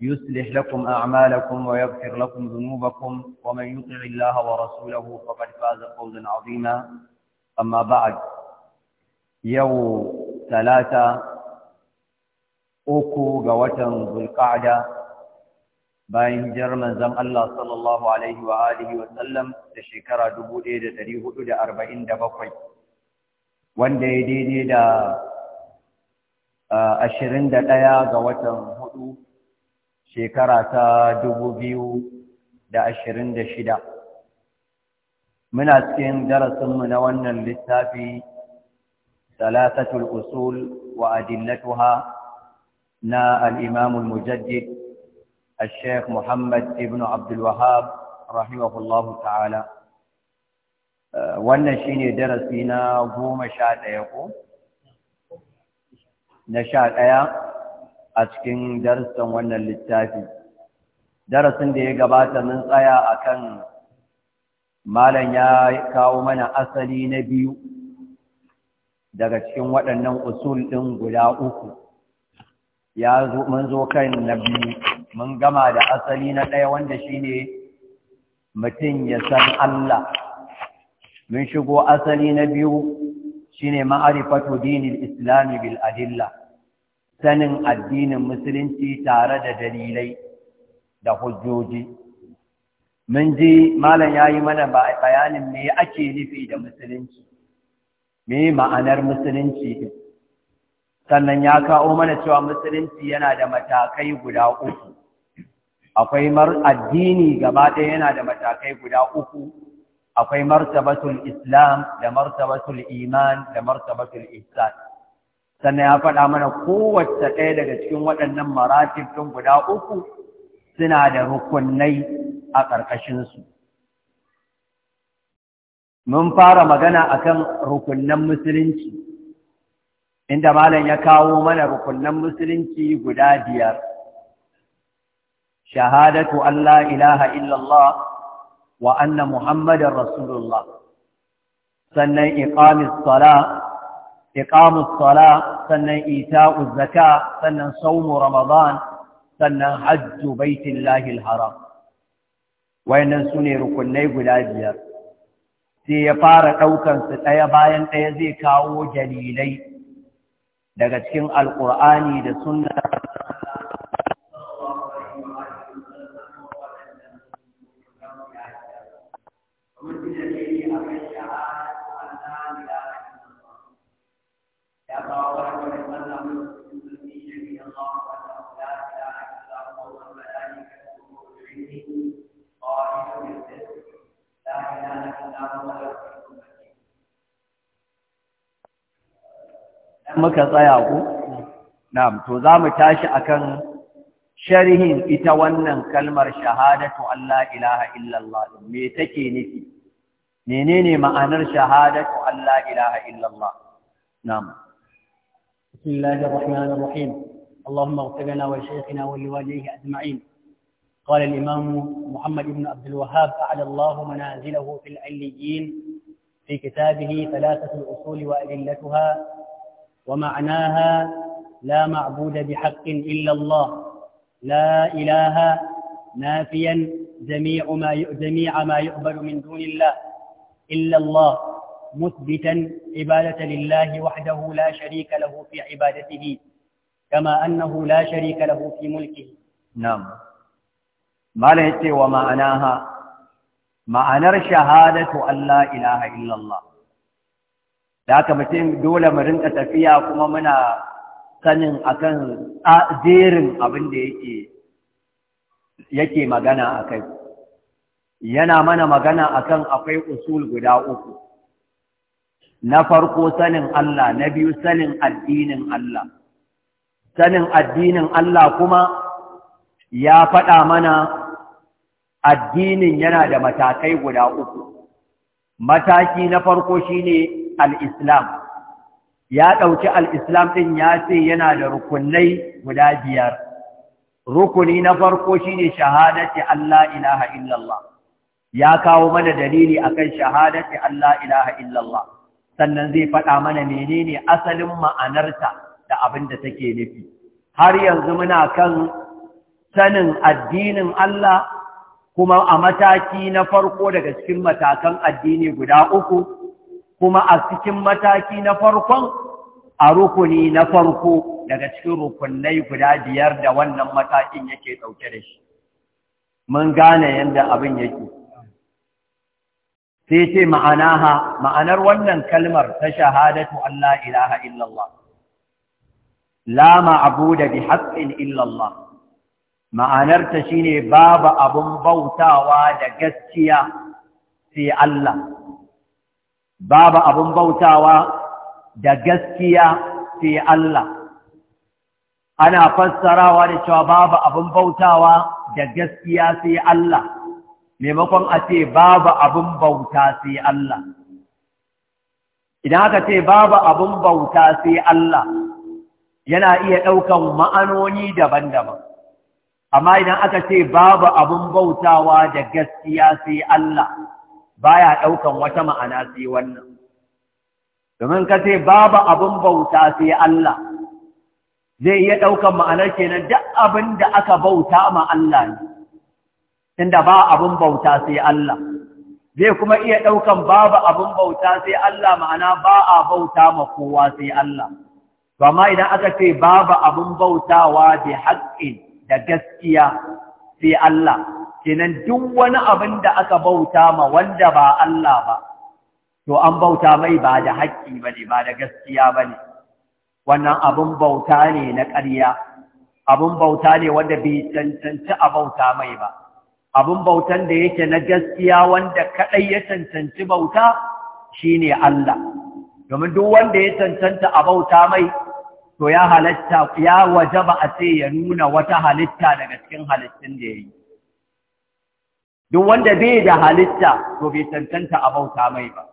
يصلح لكم أعمالكم ويغفر لكم ذنوبكم ومن يطع الله ورسوله فقد فاز فوزا عظيما أما بعد يوم ثلاثة أكو قوة ذو القعدة bayan hijirar manzon Allah sallallahu alaihi wa alihi wa sallam da shekara 1447 wanda ya daidai da ɗaya ga watan huɗu. shekara ta dubu biyu da ashirin da shida muna cikin darasinmu na wannan littafi salatatul usul wa adillatuha na al'imamul mujaddid الشيخ محمد ابن عبد الوهاب رحمه الله تعالى wannan shine darasi na goma sha ɗaya ko na sha ɗaya a cikin darasin wannan littafi darasin da ya gabata mun tsaya akan malam ya kawo mana asali na biyu daga cikin waɗannan usul ɗin guda uku ya zo mun zo kan na biyu mun gama da asali na ɗaya wanda shine mutum ya san Allah mun shigo asali na biyu shine ma'arifatu dinil islami bil adilla sanin addinin musulunci tare da dalilai da hujjoji mun ji malam ya yi mana bayanin me ake nufi da musulunci me ma'anar musulunci sannan ya kawo mana cewa musulunci yana da matakai guda uku akwai addini gaba ɗaya yana da matakai guda uku akwai martabatul islam da martabatul iman da martabatul ihsan sannan ya faɗa mana kowace ɗaya daga cikin waɗannan maratib ɗin guda uku suna da rukunai a ƙarƙashinsu. Mun fara magana akan rukunan musulunci, inda malam ya kawo mana rukunan musulunci guda biyar. Shahadatu Allah ilaha illallah wa anna Muhammadin Rasulullah, sannan iqamis Salah. iqamus sala sannan ita'uz zaka sannan saumu ramadan sannan hajju baitillahi alharam su ne rukunai guda biyar sai ya fara ɗaukan su ɗaya bayan ɗaya zai kawo dalilai daga cikin Alƙur'ani da sunnar muka tsaya ku na'am to zamu tashi akan sharihin ita wannan kalmar shahadatu Allah ilaha illallah me take nufi menene ma'anar shahadatu Allah ilaha illallah na'am bismillahir rahmanir rahim اللهم اغفر لنا ولشيخنا ولوالديه اجمعين قال الإمام محمد بن عبد الوهاب أعلى الله منازله في العليين في كتابه ثلاثة الأصول وأدلتها ومعناها لا معبود بحق إلا الله لا إله نافيا جميع ما جميع ما يعبد من دون الله إلا الله مثبتا عبادة لله وحده لا شريك له في عبادته كما أنه لا شريك له في ملكه نعم malam ce wa ha ma'anar shahadatu Allah ilaha illallah da aka mutum dole mu rinka tafiya kuma muna sanin akan jerin abin da yake yake magana akai yana mana magana akan akwai usul guda uku na farko sanin Allah na biyu sanin addinin Allah sanin addinin Allah kuma ya faɗa mana addinin yana da matakai guda uku mataki na farko shine al-islam ya ɗauki al-islam din ya ce yana da rukunai guda biyar rukuni na farko shine shahadati Allah ilaha illallah ya kawo mana dalili akan shahadati Allah ilaha illallah sannan zai faɗa mana menene asalin ma'anarta da abin da take nufi har yanzu muna kan sanin addinin Allah kuma a mataki na farko daga cikin matakan addini guda uku kuma a cikin mataki na farkon a rukuni na farko daga cikin rukunai guda biyar da wannan matakin yake ɗauke da shi mun gane yadda abin yake sai ce ma'anaha ma'anar wannan kalmar ta shahadatu Allah ilaha illallah la ma'abuda bi haqqin illallah ma'anarta shine babu abun bautawa da gaskiya sai Allah babu abun bautawa da gaskiya sai Allah ana fassarawa da cewa babu abun bautawa da gaskiya sai Allah maimakon a ce babu abun bauta sai Allah idan aka ce babu abin bauta sai Allah yana iya ɗaukan ma'anoni daban-daban amma idan aka ce babu abun bautawa da gaskiya sai Allah baya ɗaukan wata ma'ana sai wannan domin ka ce babu abun bauta sai Allah zai iya ɗaukan ma'anar kenan duk abin da aka bauta ma Allah ne inda ba abun bauta sai Allah zai kuma iya ɗaukan babu abun bauta sai Allah ma'ana ba a bauta ma kowa sai Allah to amma idan aka ce babu abun bautawa bi haƙƙin da gaskiya sai Allah kenan duk wani abin da aka bauta ma wanda ba Allah ba to an bauta mai ba da haƙƙi ne, ba da gaskiya ba ne. wannan abin bauta ne na ƙarya abin bauta ne wanda bai cancanci a bauta mai ba abin bautan da yake na gaskiya wanda kaɗai ya cancanci bauta shine Allah domin duk wanda ya cancanta a bauta mai to ya halatta ya wajaba a ce ya nuna wata halitta daga cikin halittun da ya yi duk wanda bai da halitta to bai cancanta a bauta mai ba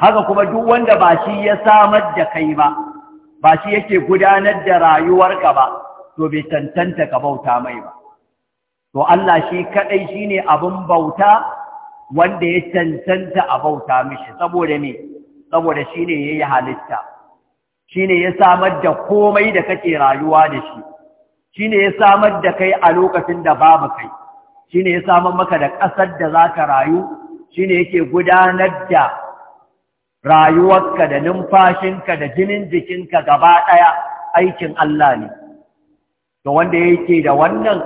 haka kuma duk wanda ba shi ya samar da kai ba ba shi yake gudanar da ka ba to bai cancanta ka bauta mai ba to Allah shi kadai shine abin bauta wanda ya cancanta a bauta mishi saboda me saboda shine yayi halitta shine ya samar da komai da kake rayuwa da shi shine ya samar da kai a lokacin da babu kai shine ya samar maka da ƙasar da za ka rayu shine yake gudanar da rayuwarka da numfashinka da jinin jikinka gaba ɗaya aikin Allah ne to wanda yake da wannan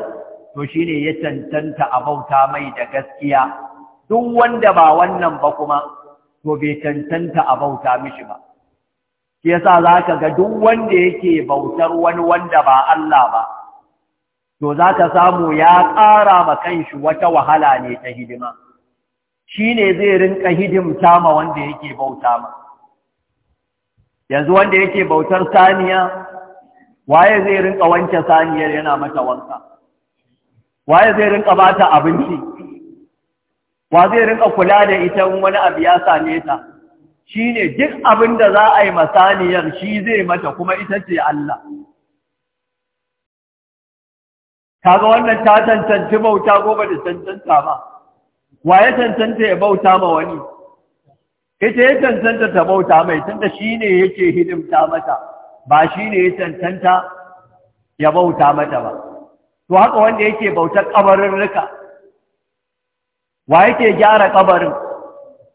to shine ya tantanta a bauta mai da gaskiya duk wanda ba wannan ba kuma to bai tantanta a bauta mishi ba Shi yasa za ka ga duk wanda yake bautar wani wanda ba Allah ba, to za ka samu ya ƙara ma kanshi wata wahala ne ta hidima. Shi ne zai rinka hidimta ma wanda yake bauta ma. Yanzu wanda yake bautar saniya, waye zai rinka wanke saniyar yana mata wanka? Waye zai rinka bata abinci? Wa zai rinka kula da ita wani abu ya same ta? shi ne duk abin da za a yi masaniyar shi zai mata kuma ita ce Allah. Kaga wannan ta cancanci bauta ko ba da cancanta ba, wa ya cancanta ya bauta ma wani, ita ya cancanta ta bauta mai tunda shi ne yake hidimta mata, ba shi ne ya cancanta ya bauta mata ba. To haka wanda yake bautar kabarin rika, wa yake gyara kabarin?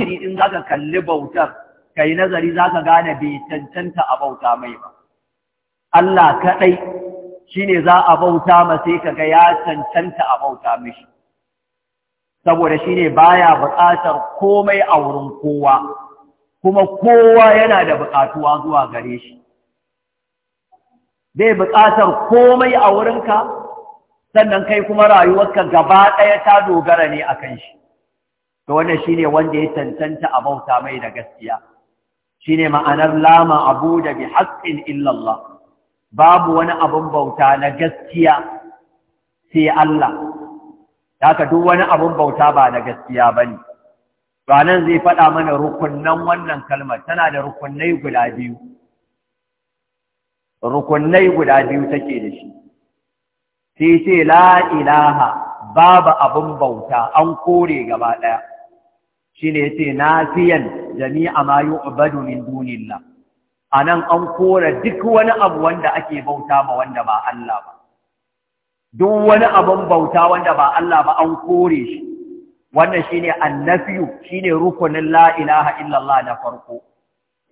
zahiri in ka kalli bautar kai nazari zaka gane bai cancanta a bauta mai ba Allah kadai shine za a bauta ma sai kaga ya cancanta a bauta mishi saboda shine baya buƙatar komai a wurin kowa kuma kowa yana da buƙatuwa zuwa gare shi bai buƙatar komai a wurinka sannan kai kuma rayuwarka gaba ɗaya ta dogara ne a kan shi to wannan shine wanda ya tantanta a bauta mai da gaskiya shine ma'anar lama abu da bi haqqin illa Allah babu wani abun bauta na gaskiya sai Allah haka duk wani abun bauta ba na gaskiya bane ranan zai faɗa mana rukunnan wannan kalmar tana da rukunnai guda biyu rukunnai guda biyu take da shi sai ce la ilaha babu abin bauta an kore gaba ɗaya shi ne ce nafiyan jami'a ma yi ubadu min duniya. a nan an kore duk wani abu wanda ake bauta ma wanda ba Allah ba duk wani abin bauta wanda ba Allah ba an kore shi wannan shi ne annafiyu shi ne rukunin la'ilaha illallah na farko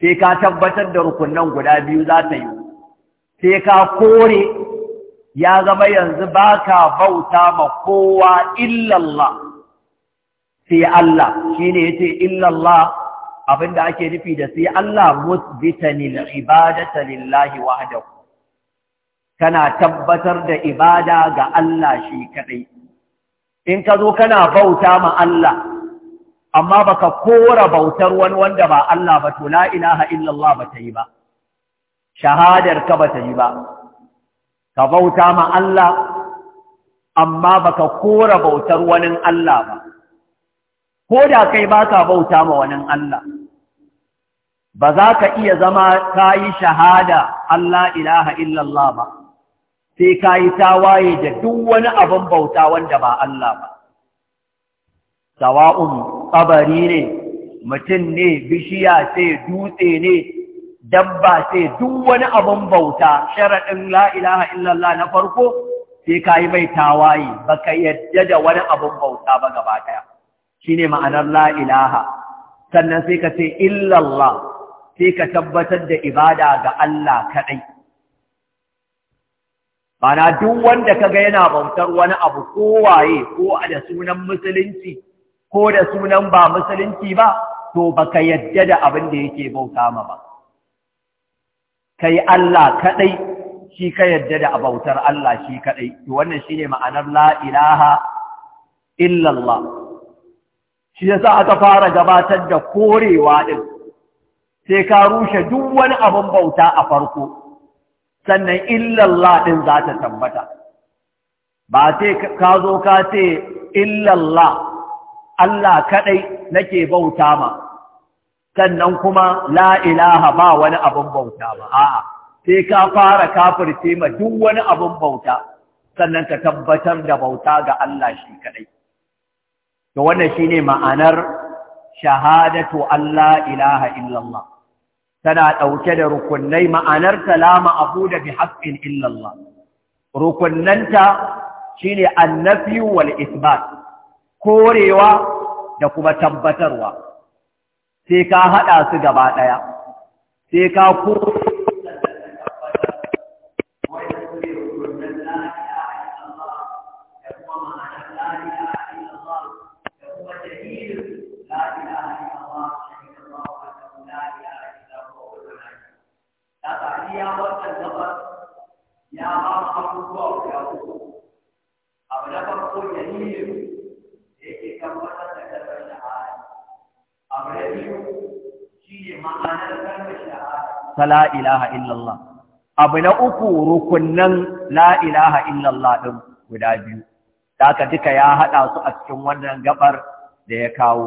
sai ka tabbatar da rukunan guda biyu za ta yi sai ka kore ya zama yanzu baka bauta ma kowa illallah sai Allah shine yace illallah abinda ake nufi da sai Allah Musbitanil al-ibadata lillahi wahdahu kana tabbatar da ibada ga Allah shi kadai in ka zo kana bauta ma Allah amma baka kora bautar wani wanda ba Allah ba to la ilaha illallah ba ta yi ba shahadar ka ba ta yi ba ka bauta ma Allah amma baka kora bautar wani Allah ba ko da kai baka bauta ma wani Allah ba za ka iya zama ka yi shahada Allah ilaha illallah ba sai ka yi tawaye da duk wani abin bauta wanda ba Allah ba sawa'un tsabari ne mutum ne bishiya sai dutse ne dabba sai duk wani abin bauta sharaɗin la'ilaha illallah na farko sai ka yi mai tawaye baka yadda da wani abin bauta ba gaba ɗaya Shi ne ma'anar la'ilaha, sannan sai ka ce illallah sai ka tabbatar da ibada ga Allah kaɗai bana duk wanda ka ga yana bautar wani abu kowaye ko a da sunan musulunci ko da sunan ba musulunci ba to baka yadda da abin da yake bauta ma ba kai Allah kaɗai shi ka yadda da abautar Allah shi kaɗai, to wannan shine ma'anar la'ilaha, illallah shi yasa aka fara gabatar da korewa ɗin, sai ka rushe duk wani abin bauta a farko sannan illallah ɗin za ta tabbata ba sai ka zo ka ce illallah Allah kaɗai nake bauta ma sannan kuma la ilaha ba wani abin bauta ba a'a sai ka fara kafirce ma duk wani abin bauta sannan ka tabbatar da bauta ga Allah shi kadai to wannan ne ma'anar shahadatu Allah ilaha illallah tana dauke da rukunai ma'anar salama abu da bi haƙƙin illallah rukunnanta shine annafi wal isbat korewa da kuma tabbatarwa sai ka haɗa su gaba ɗaya sai ka kuma abu na farko dalilin da yake tabbatar da abu shi ne ma'anar ta ilaha illallah abu na uku rukunnan la ilaha illallah din guda biyu da aka duka ya haɗa su a cikin wannan gabar da ya kawo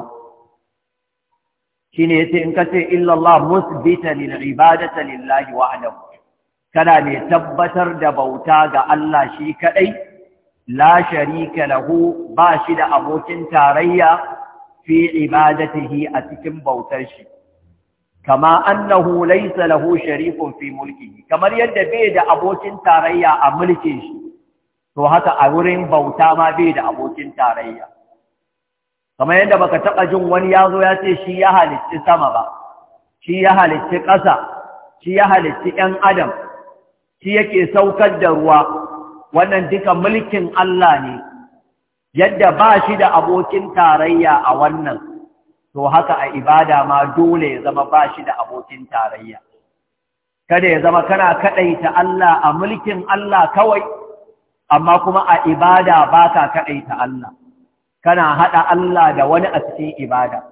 shine yace in kace illallah musbita lil ibadati lillahi wahdahu kana ne tabbatar da bauta ga Allah shi kadai la sharika lahu ba shi da abokin tarayya fi ibadatihi a cikin bautar shi kama annahu laysa lahu sharikun fi mulkihi kamar yadda bai da abokin tarayya a mulkin shi to haka a wurin bauta ma bai da abokin tarayya kamar yadda baka taba jin wani yazo ya ce shi ya halicci sama ba shi ya halicci ƙasa shi ya halicci ƴan adam shi yake saukar da ruwa wannan duka mulkin Allah ne yadda ba shi da abokin tarayya a wannan to haka a ibada ma dole ya zama ba shi da abokin tarayya kada ya zama kana kaɗaita Allah a mulkin Allah kawai amma kuma a ibada ba ka kaɗaita Allah kana haɗa Allah da wani a cikin ibada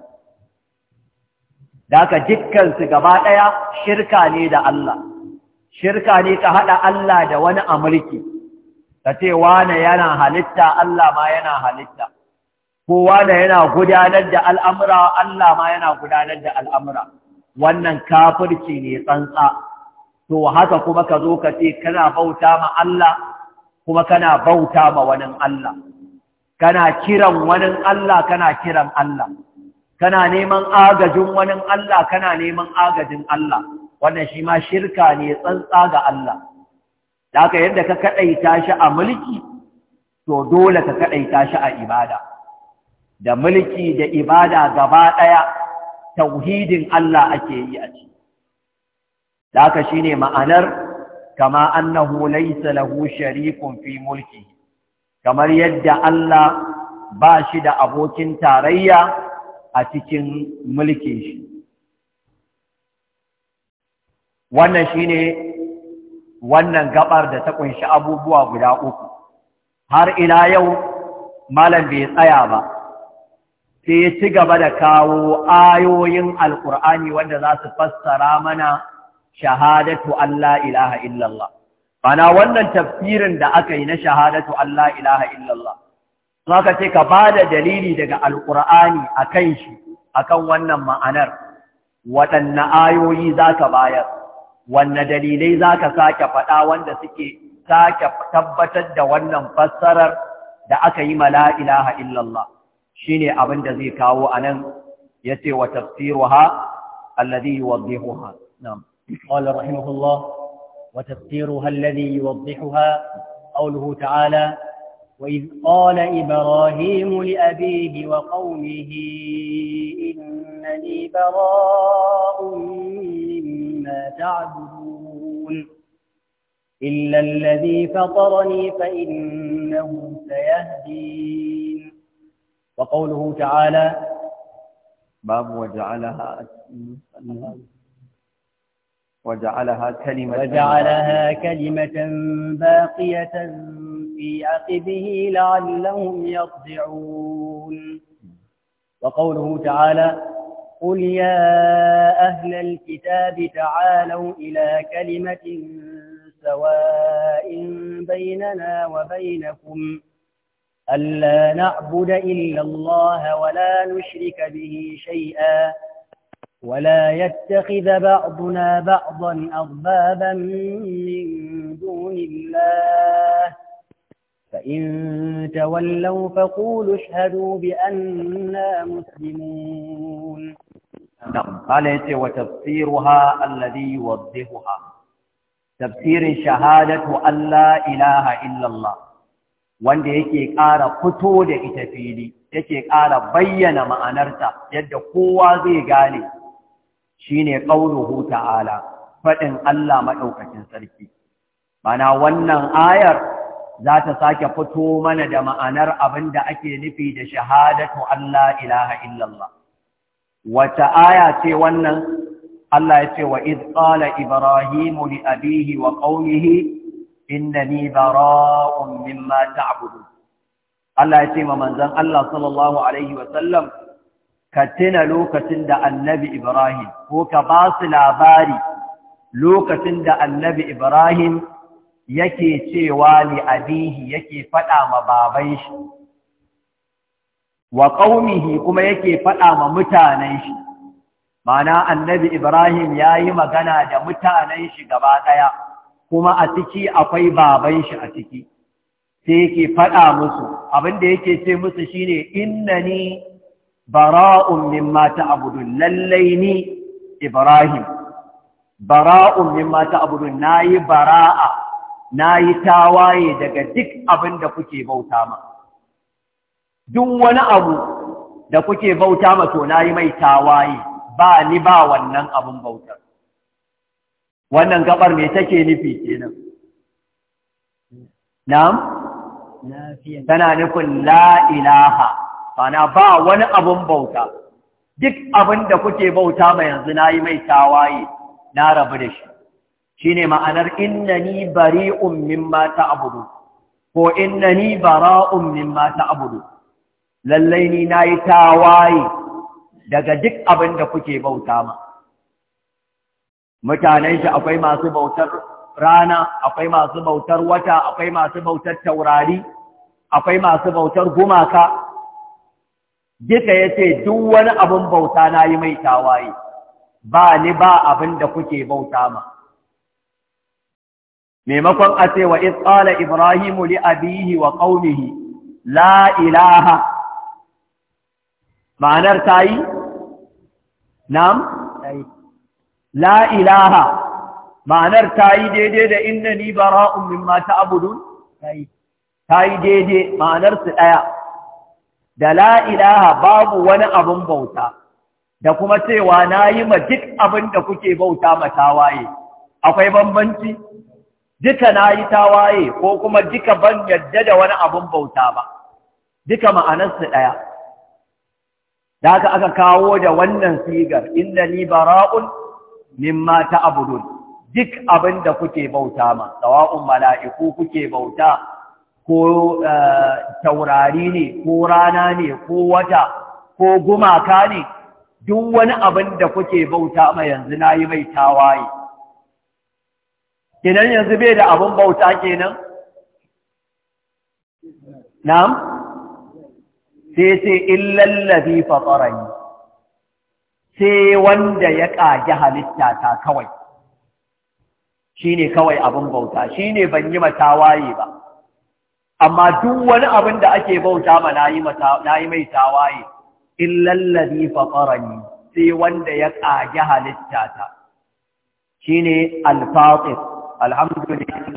da ka dukkansu gaba ɗaya shirka ne da Allah shirka ne ka haɗa Allah da wani a mulki ka ce wane yana halitta Allah ma yana halitta ko wane yana gudanar da al'amura Allah ma yana gudanar da al'amura wannan kafirci ne tsantsa to haka kuma ka zo ka ce kana bauta ma Allah kuma kana bauta ma wani Allah kana kiran wani Allah kana kiran Allah kana neman agajin wani Allah kana neman agajin Allah wannan shi ma shirka ne tsantsa ga Allah da aka yadda ka kaɗaita shi a mulki to dole ka kaɗaita shi a ibada da mulki da ibada gaba ɗaya tauhidin Allah ake yi a ciki da aka shine ma'anar kama annahu laysa lahu sharikun fi mulki kamar yadda Allah ba shi da abokin tarayya a cikin mulkin shi wannan shine wannan gabar da ta kunshi abubuwa guda uku har ila yau malam bai tsaya ba sai ci gaba da kawo ayoyin alkur'ani wanda za su fassara mana shahadatu Allah ilaha illallah bana wannan tafsirin da aka yi na shahadatu Allah ilaha illallah ka ce ka bada dalili daga alkur'ani akan shi akan wannan ma'anar waɗanne ayoyi zaka bayar wanne dalilai za ka sake faɗa wanda suke sake tabbatar da wannan fassarar da aka yi mala ilaha Allah? shi ne abin da zai kawo a nan ya ce wa tafsiru ha alladhi yi yuwaddihu ha na'am qala rahimahullah wa tafsiru ha alladhi yuwaddihu ha qawluhu ta'ala wa idh qala ibrahim li abihi wa qawmihi innani bara'un ما تعبدون إلا الذي فطرني فإنه سيهدين وقوله تعالى باب وجعلها وجعلها كلمة وجعلها كلمة باقية في عقبه لعلهم يرجعون وقوله تعالى قل يا أهل الكتاب تعالوا إلى كلمة سواء بيننا وبينكم ألا نعبد إلا الله ولا نشرك به شيئا ولا يتخذ بعضنا بعضا أربابا من دون الله فإن تولوا فقولوا اشهدوا بأننا مسلمون na'am kale yace wa tafsiruha alladhi yuwaddihuha tafsirin shahadatu Allah, ilaha illa allah wanda yake ƙara fito da ita fili yake ƙara bayyana ma'anarta yadda kowa zai gane shine qauluhu ta'ala faɗin allah maɗaukacin sarki mana wannan ayar za ta sake fito mana da ma'anar abin da ake nufi da shahadatu Allah, ilaha illa allah wata aya ce wannan Allah ya ce wa iz qala ibrahimu li abihi wa qaumihi innani bara'un mimma ta'budun Allah ya ce ma manzon Allah sallallahu alaihi wa sallam ka tuna lokacin da annabi Ibrahim ko ka ba su labari lokacin da annabi Ibrahim yake cewa li abihi yake faɗa ma baban shi wa qaumihi kuma yake faɗa ma mutanen shi mana annabi Ibrahim yayi magana da mutanen shi gaba ɗaya kuma a ciki akwai baban shi a ciki sai yake faɗa musu abinda yake ce musu shine innani bara'un mimma ta'budun lallai ni Ibrahim bara'un mimma ta'budun nayi bara'a nayi tawaye daga duk abinda kuke bauta ma duk wani abu da kuke bauta mato to yi mai tawaye ba ni ba wannan abun bautar wannan gabar mai take nufi kenan na'am tana nufin la'ilaha. bana ba wani abun bauta duk abin da kuke bauta ma yanzu na yi mai tawaye na rabu da shi shine ma'anar innani bari'un mata abudu, ko innani bara'un mata abudu. lallai ni na yi tawaye daga duk abin da kuke bauta ma mutanen shi akwai masu bautar rana akwai masu bautar wata akwai masu bautar taurari akwai masu bautar gumaka duka ya ce duk wani abin bauta na yi mai tawaye ba ni ba abin da kuke bauta ma maimakon a ce wa isƙala ibrahimu li abihi wa ƙaunihi la ilaha ma'anar ta yi nam la ilaha ma'anar ta yi daidai da inna ni bara'un mimma ma ta yi daidai ma'anar su ɗaya da la ilaha babu wani abin bauta da kuma cewa na yi ma duk abin da kuke bauta ma waye. akwai bambanci duka na yi ta waye ko kuma duka ban yadda da wani abin bauta ba duka ma'anarsu ɗaya da haka aka kawo da wannan sigar inda ni bara'un mimma ta'budun duk abin da kuke bauta ma sawa'un mala'iku kuke bauta ko eh, taurari ne ko rana ne ko wata ko gumaka ne duk wani abin da kuke bauta ma yanzu nayi mai tawaye kenan yanzu bai da abin bauta kenan na'am sai ce illallazi fatarani sai wanda ya ƙage halitta ta kawai shine kawai abin bauta shine ban yi matawaye ba amma duk wani abin da ake bauta ma na yi mai tawaye illallazi fatarani sai wanda ya ƙage halitta ta shine al-fatir alhamdulillah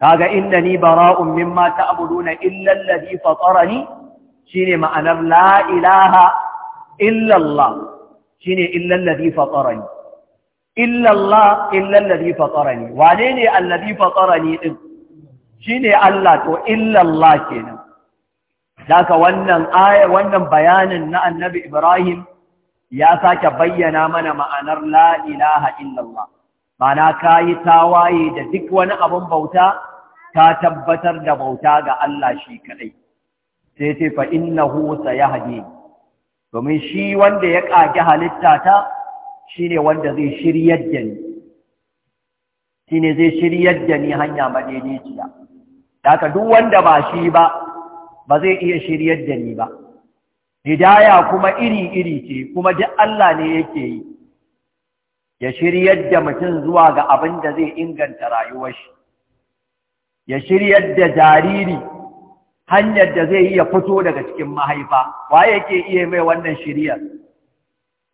kaga innani bara'un mimma ta'buduna illa alladhi fatarani shine ma'anar la ilaha illa Allah shine illa alladhi fatarani illa Allah illa alladhi fatarani wane ne alladhi fatarani din shine Allah to illa Allah kenan daga wannan aya wannan bayanin na annabi Ibrahim ya sake bayyana mana ma'anar la ilaha illa Allah mana ka yi tawaye da duk wani abin bauta ka tabbatar da bauta ga Allah shi kaɗai sai ce fa innahu sayahdi domin shi wanda ya ƙage halitta ta shine wanda zai shiryar da ni shine zai shiryar da ni hanya madaidaiciya haka duk wanda ba shi ba ba zai iya shiryar da ni ba hidaya kuma iri iri ce kuma duk Allah ne yake yi ya shiryar da mutum zuwa ga abin da zai inganta rayuwar shi ya shiryar da jariri hanyar da zai iya fito daga cikin mahaifa wa yake iya mai wannan shiryar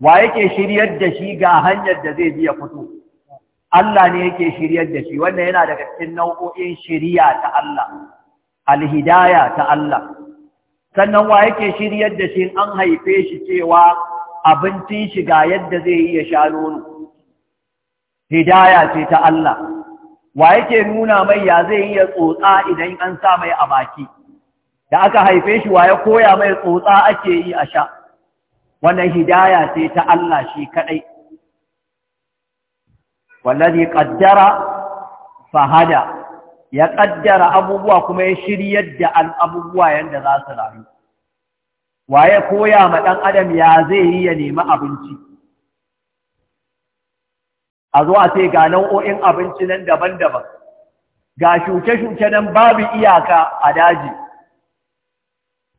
wa yake shiryar da shi ga hanyar da zai biya fito Allah ne yake shiryar da shi wannan yana daga cikin nau'o'in shiriya ta Allah alhidaya ta Allah sannan wa yake shiryar da shi an haife shi cewa abincin shi ga yadda zai iya sha nono hidaya ce ta Allah wa yake nuna mai ya zai yi ya tsotsa idan an sa mai a baki da aka haife shi wa ya koya mai tsotsa ake yi a sha wannan hidaya ce ta Allah shi kadai wallazi ƙaddara fahada ya ƙaddara abubuwa kuma ya shiryar da abubuwa yadda za su rayu ya koya ma ɗan adam ya zai yi ya nemi abinci a zo a ce ga nau'o'in abinci nan daban-daban ga shuke-shuke nan babu iyaka a daji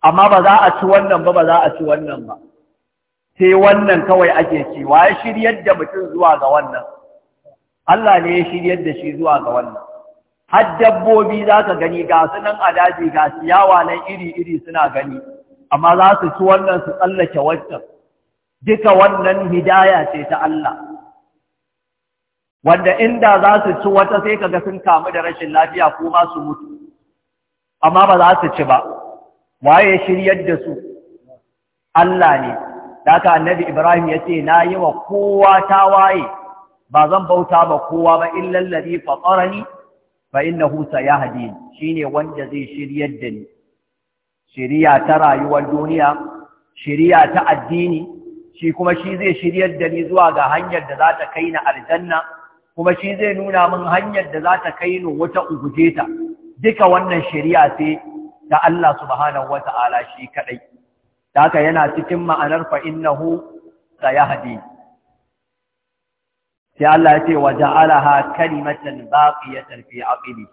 amma ba za a ci wannan ba ba za a ci wannan ba sai wannan kawai ake ci Wa ya shiryar da mutum zuwa ga wannan Allah ne ya shiryar da shi zuwa ga wannan har dabbobi za ka gani ga su nan a daji ga ciyawa nan iri-iri suna gani amma za su ci wannan su tsallake wancan duka wannan hidaya ce ta Allah wanda inda za su ci wata sai kaga sun kamu da rashin lafiya ko ma su mutu amma ba za su ci ba waye shiryar da su Allah ne daga annabi Ibrahim ya ce na yi wa kowa ta waye ba zan bauta ba kowa ba illal ladhi fatarani fa innahu sayahdin shine wanda zai shiryar da ni shiriya ta rayuwar duniya shiriya ta addini shi kuma shi zai shiryar da ni zuwa ga hanyar da za ta kai ni aljanna kuma shi zai nuna min hanyar da za ta kai ni wata uguje ta duka wannan shari'a ce ta Allah subhanahu wata'ala shi kadai haka yana cikin ma'anar fa innahu sayahdi sai Allah ya ce wa ja'alaha kalimatan baqiyatan fi aqili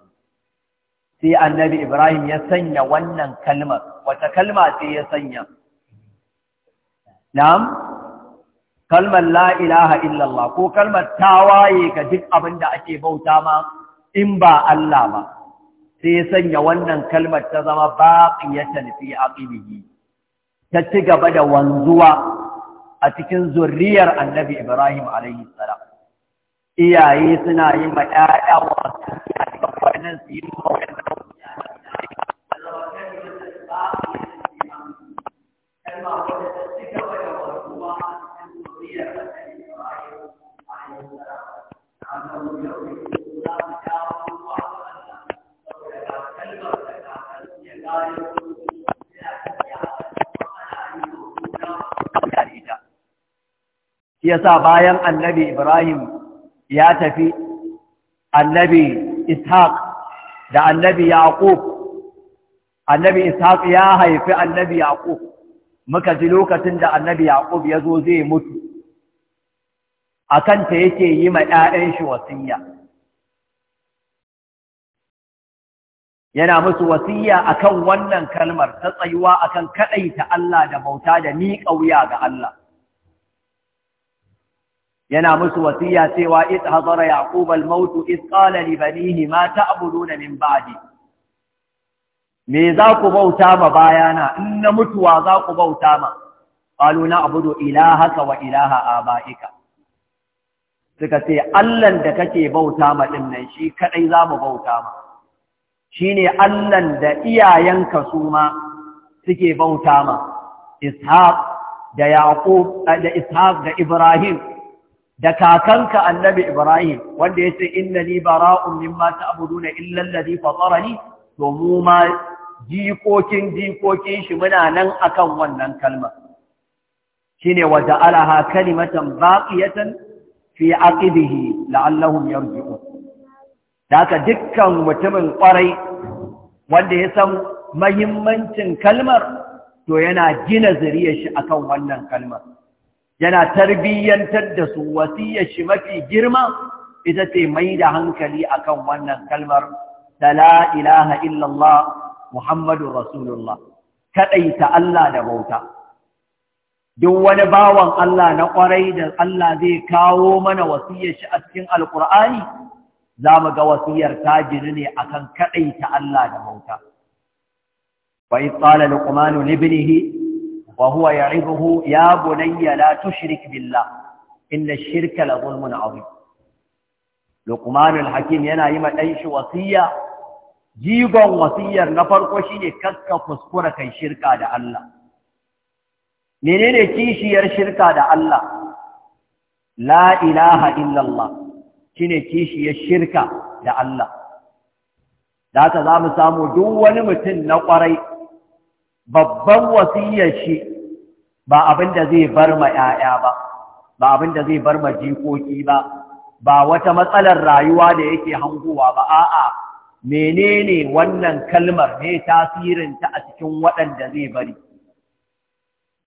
sai annabi Ibrahim ya sanya wannan kalmar wata kalma ce ya sanya na'am kalmar la ilaha illallah ko kalmar ta waye ga duk abin da ake bauta ma in ba Allah ba sai ya sanya wannan kalmar ta zama baqiyatan fi aqibihi ta ci gaba da wanzuwa a cikin zurriyar annabi Ibrahim alaihi iyaye suna yi ma ƴaƴa wasu yi ma wannan yasa bayan annabi Ibrahim ya tafi annabi Ishaq da annabi Yaqub annabi Ishaq ya haifi annabi Yaqub muka ji lokacin da annabi Yaqub ya zo zai mutu akan ta yake yi ma ƴaƴan shi wasiyya. yana musu wasiyya akan wannan kalmar ta tsayuwa akan kaɗaita Allah da bauta da miƙa wuya ga Allah yana musu wasiya cewa id hazara yaqub al maut id qala li banihi ma ta'buduna min ba'di me za ku bauta ma bayana in na mutuwa za ku bauta ma qalu na abudu ilahaka wa ilaha abaika suka ce allan da kake bauta ma din nan shi kadai za mu bauta ma shine allan da iyayenka su ma suke bauta ma ishaq da yaqub da ishaq da ibrahim da kakanka annabi Ibrahim wanda yace innani bara'un mimma ta'buduna illa alladhi fatarani to mu ma jikokin jikokin shi muna nan akan wannan kalma shine wa ja'alaha kalimatan baqiyatan fi aqidihi la'allahum yarji'un daga dukkan mutumin kwarai wanda ya san mahimmancin kalmar to yana gina zuriyar shi akan wannan kalmar yana tarbiyyantar da su wasiyar shi mafi girma ita ce mai da hankali akan wannan kalmar da la ilaha illallah muhammadu rasulullah kaɗaita Allah da bauta duk wani bawan Allah na ƙwarai da Allah zai kawo mana wasiyar shi a cikin alƙur'ani za mu ga wasiyar ta jini ne akan kaɗaita Allah da bauta wa qala luqmanu li ibnihi wa huwa ya'ibuhu ya bunayya la tushrik billah inna ash-shirka la zulmun 'azim Hakim yana yi ma shi wasiya jigon wasiyar na farko shine kakka kuskura kai shirka da Allah menene kishiyar shirka da Allah la ilaha illallah shine kishiyar shirka da Allah da ta za mu samu duk wani mutum na ƙwarai babban wasiyar shi ba abin da zai bar ma 'ya'ya ba ba abin da zai bar ma jikoki ba ba wata matsalar rayuwa da yake hangowa ba a'a menene wannan kalmar ne tasirin ta a cikin waɗanda zai bari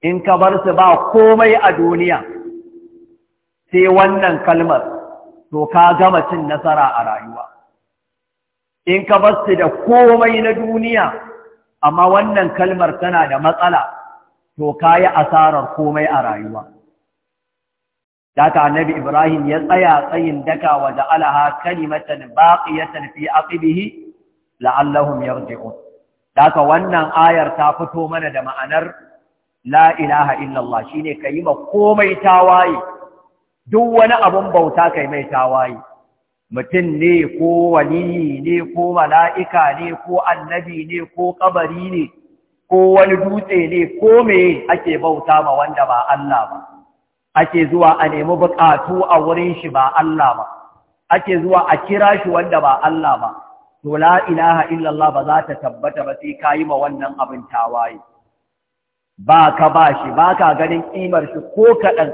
in ka bar su ba komai a duniya sai wannan kalmar to ka gama cin nasara a rayuwa in ka bar su da komai na duniya amma wannan kalmar tana da matsala to kayi asarar komai a rayuwa daka annabi ibrahim ya tsaya tsayin daka wa ja'alaha kalimatan baqiyatan fi aqibihi la'allahum yarji'un daka wannan ayar ta fito mana da ma'anar la ilaha illallah shine kayi ma komai tawaye duk wani abun bauta kai mai tawaye mutum ne ko waliyi ne ko mala'ika ne ko annabi ne ko kabari ne ko wani dutse ne ko me ake bauta ma wanda ba Allah ba ake zuwa a nemi bukatu a wurin shi ba Allah ba ake zuwa a kira shi wanda ba Allah ba to la ilaha illallah ba za ta tabbata ba sai ka yi ma wannan abin tawaye ba ka ba shi ba ka ganin ƙimar shi ko kaɗan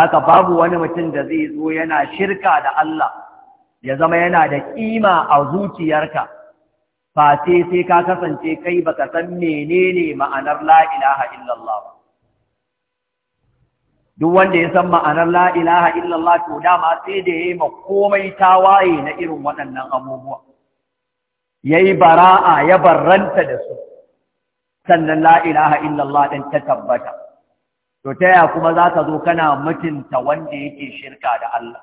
haka babu wani mutum da zai zo yana shirka da Allah ya zama yana da kima a zuciyarka fa sai sai ka kasance kai baka san menene ma'anar la ilaha illallah ba duk wanda ya san ma'anar la ilaha illallah to dama sai da yayi ma komai tawaye na irin waɗannan abubuwa yayi bara'a ya barranta da su sannan la ilaha illallah din ta tabbata to ta ya kuma za ka zo kana mutunta wanda yake shirka da Allah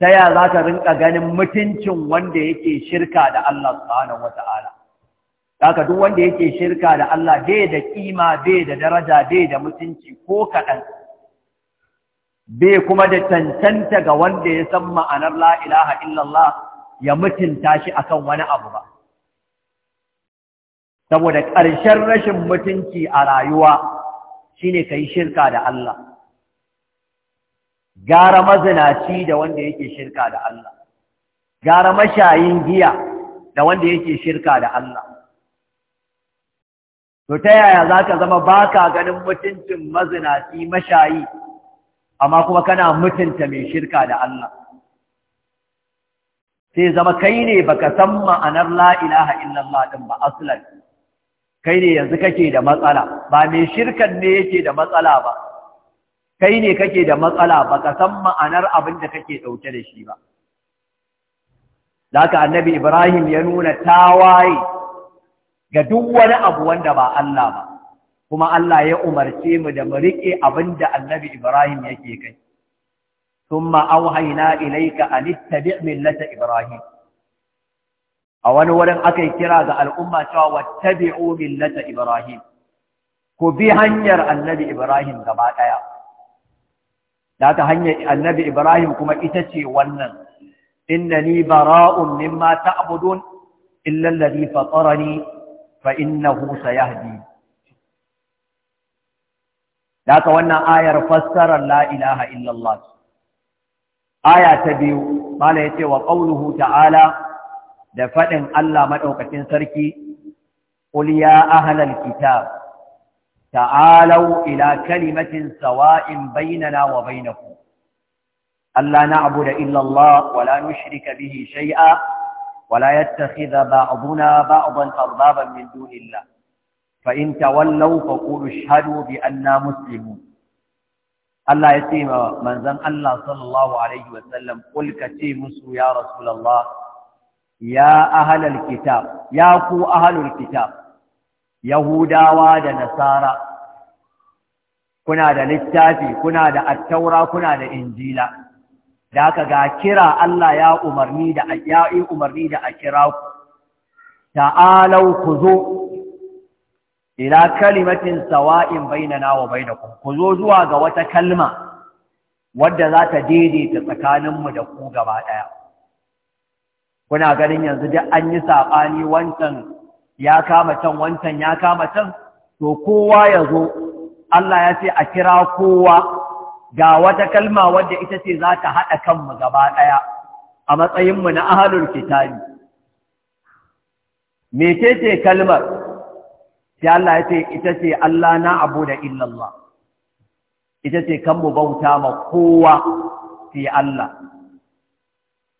ta ya za ka rinka ganin mutuncin wanda yake shirka da Allah subhanahu wata'ala kaka duk wanda yake shirka da Allah bai da kima bai da daraja bai da mutunci ko kaɗan bai kuma da tantanta ga wanda ya san ma'anar la ilaha illallah ya mutunta shi akan wani abu ba saboda ƙarshen rashin mutunci a rayuwa shine kai shirka da Allah gara mazinaci da wanda yake shirka da Allah gara mashayin giya da wanda yake shirka da Allah to ta yaya zaka zama baka ganin mutuncin mazinaci mashayi amma kuma kana mutunta mai shirka da Allah sai zama kai ne baka san ma'anar la ilaha illallah din ba aslan kai ne yanzu kake da matsala ba mai shirkan ne yake da matsala ba kai ne kake da matsala ba ka san ma'anar abin da kake ɗauke da shi ba Laka annabi Ibrahim ya nuna tawaye ga duk wani abu wanda ba Allah ba kuma Allah ya umarce mu da mu riƙe abin da annabi Ibrahim yake kai ثم أوحينا إليك أن اتبع ملة إبراهيم a wani wurin aka yi kira ga al'umma cewa wattabi'u millata Ibrahim ku bi hanyar annabi Ibrahim gaba ɗaya da ta hanyar annabi Ibrahim kuma ita ce wannan innani bara'un mimma ta'budun illa alladhi fatarani fa innahu sayahdi da ka wannan ayar fassarar la ilaha illallah aya ta biyu mala ce wa ƙaunuhu ta'ala da faɗin Allah maɗaukacin sarki, ƙuliya ahalar kitab, ta'alau ila kalimatin sawa'in bainana wa bainaku. Allah na abu da illallah, wala nushrika bihi shai'a, wala yattakhidha ba'duna ba'dan arbaban min dunillah. Fa in tawallaw faqulu ashhadu bi anna muslimun. Allah ya ce ma manzon Allah sallallahu alaihi wa sallam, ce musu ya rasulallah ya ahlal kitab ya ku ahlul kitab yahudawa da nasara kuna da littafi kuna da attaura kuna da injila da aka ga kira Allah ya umarni da ayyai umarni da a kira ku ta'alau ku ila kalimatin sawa'in bainana wa bainakum ku zuwa ga wata kalma wadda za ta daidaita tsakaninmu da ku gaba ɗaya kuna ganin yanzu duk an yi saɓani wancan ya kama can wancan ya kama can to kowa ya zo Allah ya ce a kira kowa ga wata kalma wadda ita ce za ta haɗa kanmu gaba ɗaya a matsayinmu na ahalul kitabi ce kalmar sai Allah ya ce ita ce Allah na abu da illallah ita ce kan mu bauta ma kowa sai Allah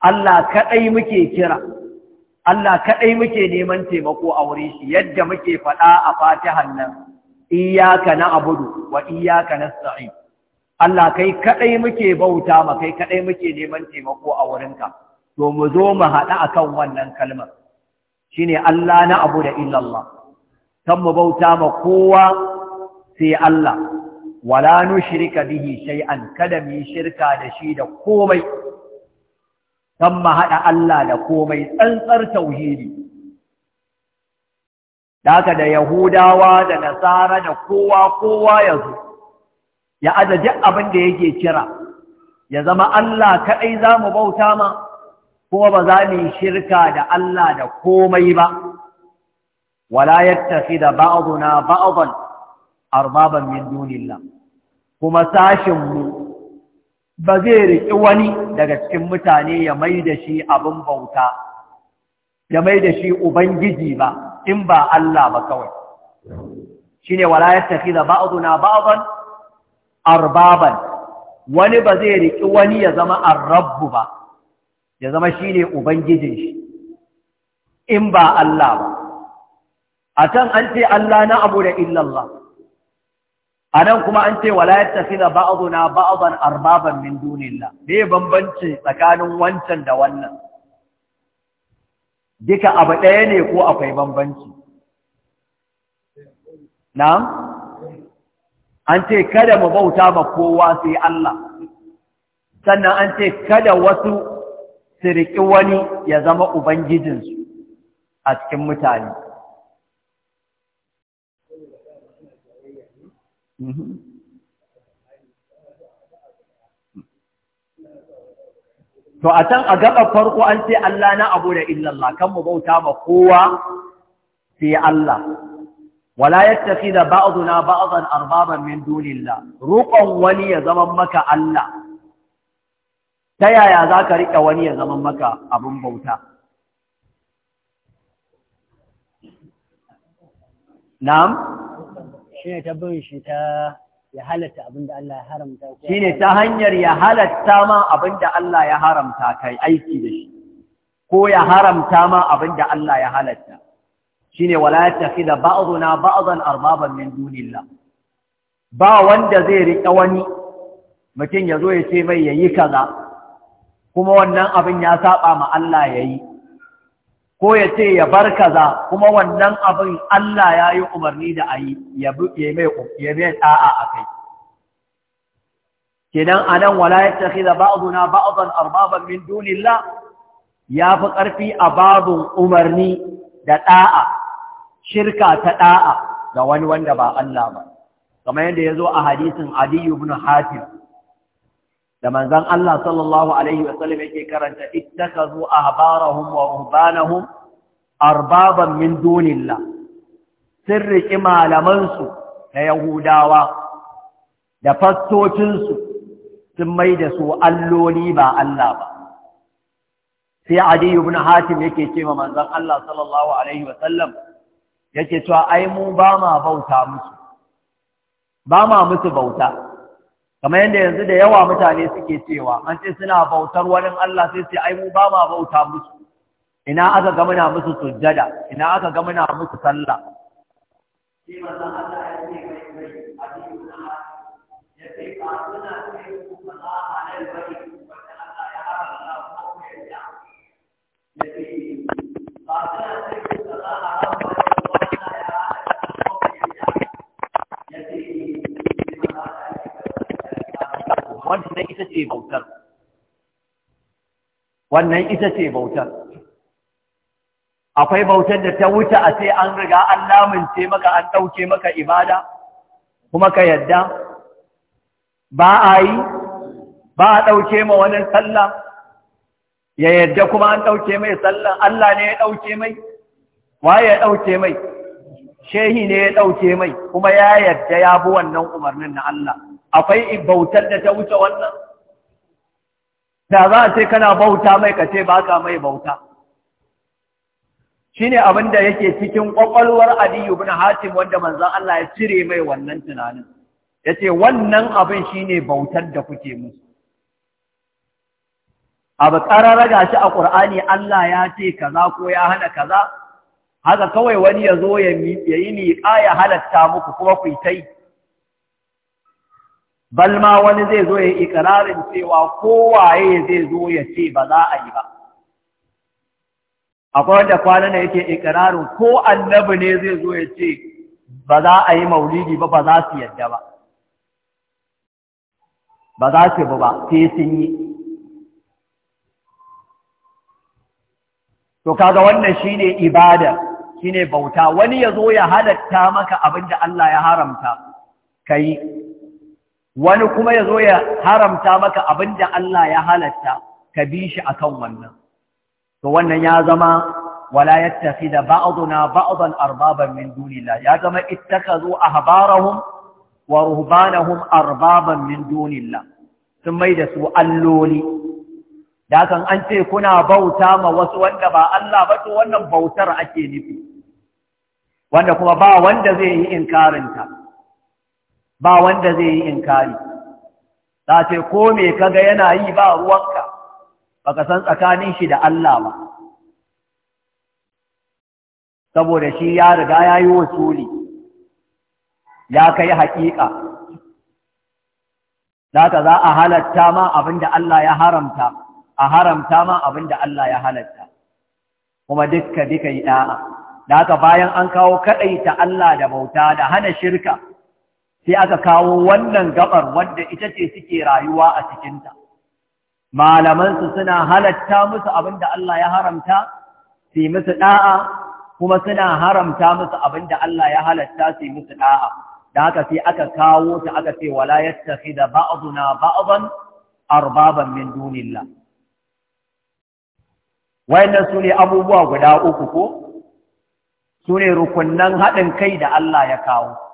Allah kaɗai muke kira, Allah kaɗai muke neman taimako a wuri shi yadda muke faɗa a fatihan nan, iyaka na abudu wa iyaka na sa'i. Allah kai kaɗai muke bauta ma kai kaɗai muke neman taimako a wurinka, to mu zo mu haɗa akan wannan kalmar. Shi ne Allah na abu da illallah, kan mu bauta ma kowa sai Allah, wala nu shirka bihi shai'an? kada mu yi shirka da shi da komai. san mahaɗa haɗa Allah da komai tsantsar tauhidi daga da yahudawa da nasara da kowa kowa ya zo ya azaji abin da yake kira ya zama Allah kaɗai za mu bauta ma kuma ba za mu shirka da Allah da komai ba wala ya yattakhidha ba'duna ba'dan arbaban min dunillah kuma sashin mu ba zai riƙi wani daga cikin mutane ya mai da shi abin bauta ya mai da shi ubangiji ba in ba Allah ba kawai shine wala yattakhidha ba'duna ba'dan arbaban wani ba zai riƙi wani ya zama arrabbu ba ya zama ne ubangijin shi in ba Allah ba a can an ce Allah na abu da illallah Anan kuma an ce wala ba'azu na ba'dan arbaban min dunillah me bambanci tsakanin wancan da wannan duka abu ɗaya ne ko akwai bambanci na'am an ce kada mu bauta ma kowa sai Allah sannan an ce kada wasu su riƙi wani ya zama ubangijinsu a cikin mutane Mhm. To a can a gaba farko an ce Allah na abu da illallah kan mu bauta ma kowa sai Allah. Wala tafi da na ba'dan arbaban min dunillah. Roƙon wani ya zaman maka Allah. Ta yaya za ka riƙe wani ya zama maka abin bauta? Na'am? shine ta bin shi ta ya halatta Allah ya haramta shine ta hanyar ya halatta ma abinda Allah ya haramta kai aiki da shi ko ya haramta ma abinda Allah ya halatta shine wala takhida ba'duna ba'dan arbaban min dunillah ba wanda zai riƙa wani mutum ya zo ya ce mai yayi kaza kuma wannan abin ya saba ma Allah yayi ko ya ce ya bar kaza kuma wannan abin Allah ya yi umarni da a yi ya mai ɗa'a a kai. Kenan a nan wala ya tafi da ba'aduna ba'adun arbaban min dunilla ya fi ƙarfi a babin umarni da ɗa'a, shirka ta ɗa'a ga wani wanda ba Allah ba. Kamar yadda ya zo a hadisin Aliyu bin Hatim, da manzon Allah sallallahu alaihi wasallam yake karanta ita ahbarahum wa ruhbanahum arbaban min dunillah sirri malaman na yahudawa da fastocinsu sun mai da su alloli ba Allah ba sai adi ibn hatim yake cewa manzan Allah sallallahu alaihi wasallam yake cewa ai mu ba ma bauta musu ba ma musu bauta kamar yadda yanzu da yawa mutane suke cewa an ce suna bautar wani Allah sai sai ai mu ba ma bauta musu ina aka ga muna musu sujjada ina aka ga muna musu sallah sai manzo Allah ya ce kai kai ya ce ba suna ce ku ba halal bane wanda Allah ya haramta ku ya ce wannan ita ce bautar wannan ita ce bautar akwai bautar da ta wuce a sai an riga an lamince maka an ɗauke maka ibada kuma ka yadda ba a yi ba a ɗauke ma wani sallah ya yadda kuma an ɗauke mai sallah Allah ne ya ɗauke mai waye ya ɗauke mai shehi ne ya ɗauke mai kuma ya yadda ya bi wannan umarnin na Allah akwai bautar da ta wuce wannan da za a ce kana bauta mai ka ce ba ka mai bauta Shi ne abin da yake cikin kwakwalwar Aliyu bin Hatim wanda manzan Allah ya cire mai wannan tunanin ya ce wannan abin shi ne bautar da kuke musu abu ƙararra shi a ƙur'ani Allah ya ce kaza ko ya hana kaza haka kawai wani ya zo ya yi ni ya halatta muku kuma ku yi bal ma wani zai zo ya yi ikirarin cewa kowaye zai zo ya ce ba za a yi ba akwai wanda kwana ne yake ikirarin ko annabi ne zai zo ya ce ba za a yi maulidi ba ba za su yadda ba ba za su bu ba sai sun yi to kaga wannan shine ibada shine bauta wani ya zo ya halatta maka abin da Allah ya haramta kai wani kuma ya zo ya haramta maka abin da Allah ya halatta ka bi shi a kan wannan to wannan ya zama wala da ba'duna ba'dan arbaban min dunillah ya zama ittakhadhu ahbarahum wa ruhbanahum arbaban min dunillah sun mai da su alloli da kan an ce kuna bauta ma wasu wanda ba Allah ba to wannan bautar ake nufi wanda kuma ba wanda zai yi inkarinta ba wanda zai yi inkari za ce ko me kaga yana yi ba ruwanka baka san tsakanin shi da Allah ba saboda shi ya riga ya yi wasuli ya kai haƙiƙa Daka za a halatta ma abinda Allah ya haramta, a haramta ma abinda Allah ya halatta, kuma dukka duka yi ɗa'a. Daka bayan an kawo kaɗaita Allah da bauta da hana shirka, sai aka kawo wannan gabar wanda ita ce suke rayuwa a cikinta malamansu suna halatta musu abinda Allah ya haramta su musu ɗa'a, kuma suna haramta musu abinda Allah ya halatta su musu ɗa'a. da haka sai aka kawo ta aka ce wala yattakhidha ba'duna ba'azan arbaban min dunillah wayannan sune abubuwa guda uku ko sune rukunnan haɗin kai da Allah ya kawo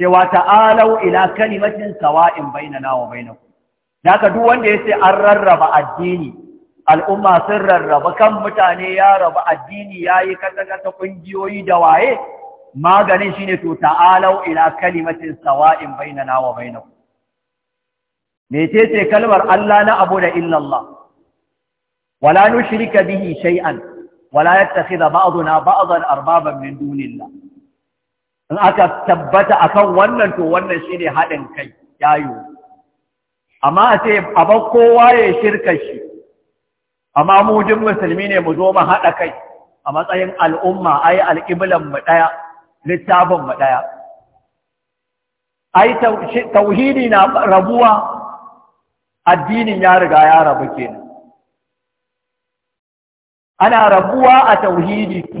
cewa ta'alau ila kalimatin sawa'in bainana wa bainakum daga duk wanda yace an rarraba addini al'umma sun rarraba kan mutane ya raba addini yayi kasa kasa kungiyoyi da waye maganin shine to ta'alau ila kalimatin sawa'in bainana wa bainakum mecece kalmar Allah na abu da illallah wala nushrika bihi shay'an wala yattakhidha ba'duna ba'dan arbaban min dunillah in aka tabbata a kan wannan to wannan shine haɗin kai yayo amma a ce abin kowa ya shirka shi amma mu musulmi ne mu zo mu haɗa kai a matsayin al'umma ai alƙiblan mu ɗaya littafin mu ɗaya ai tauhidi na rabuwa addinin ya riga ya rabu kenan ana rabuwa a tauhidi to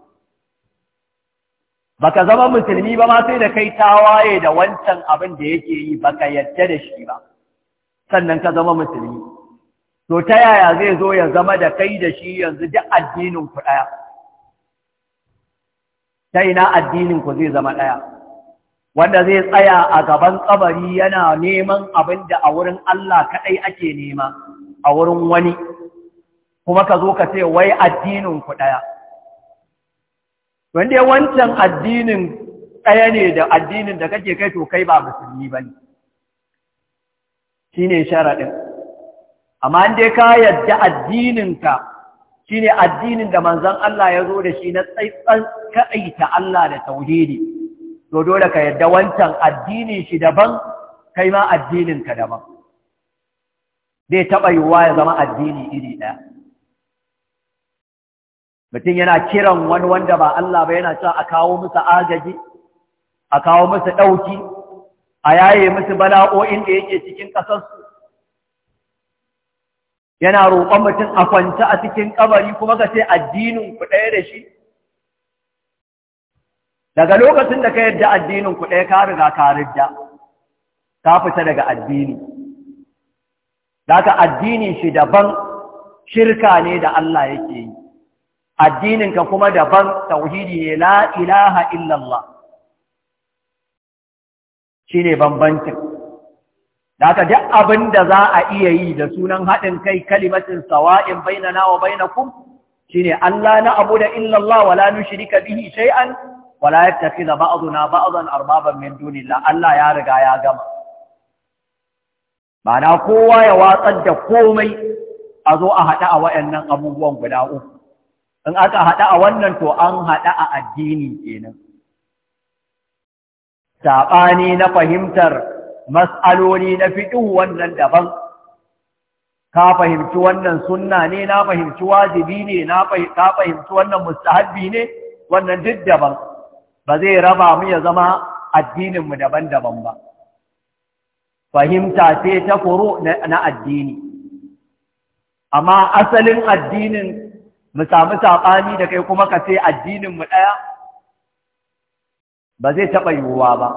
Ba ka zama musulmi ba ma sai da kai ta waye da wancan abin da yake yi ba ka yadda da shi ba sannan ka zama musulmi to ta yaya zai zo ya zama da kai da shi yanzu duk addinin ku daya ta ina addinin ku zai zama ɗaya? wanda zai tsaya a gaban kabari yana neman abin da a wurin Allah kaɗai ake nema a wurin wani kuma ka zo ka ce wai addinin ku daya wanda wancan addinin ɗaya ne da addinin da kake kai to kai ba musulmi ba ne shi ne sharaɗin amma dai ka yadda addininka shi ne addinin da manzan Allah ya zo da shi na tsaitsan kaɗaita Allah da tauhidi to dole ka yadda wancan addinin shi daban kai ma addininka daban zai taɓa yiwuwa ya zama addini iri ɗaya mutum yana kiran wani wanda ba Allah ba yana cewa a kawo musu agaji a kawo musu ɗauki a yaye musu bala'o'in da yake cikin ƙasarsu yana roƙon mutum a kwanta a cikin ƙabari kuma ka sai addinin ku ɗaya da shi daga lokacin da ka yadda addinin ku ɗaya ka riga ka rida ka fita daga addini daga addini shi daban shirka ne da Allah yake yi addininka kuma daban tauhidi ne la ilaha illallah shine bambancin da haka duk abin da za a iya yi da sunan haɗin kai kalimatin sawa'in bainana wa bainakum shine Allah na abu da illallah wala nushrika bihi shay'an wala yattakhidha ba'duna ba'dan arbaban min dunillah Allah ya riga ya gama na kowa ya watsar da komai a zo a haɗa a wayannan abubuwan guda uku in aka haɗa a wannan to an haɗa a addini kenan saɓani na fahimtar mas'aloli na fiɗin wannan daban ka fahimci wannan sunna ne na fahimci wajibi ne ka fahimci wannan mustahabbi ne wannan duk daban ba zai raba mu ya zama addininmu daban-daban ba fahimta ce ta furu na addini amma asalin addinin mu samu saɓani da kai kuma ka ce addininmu ɗaya ba zai taɓa yiwuwa ba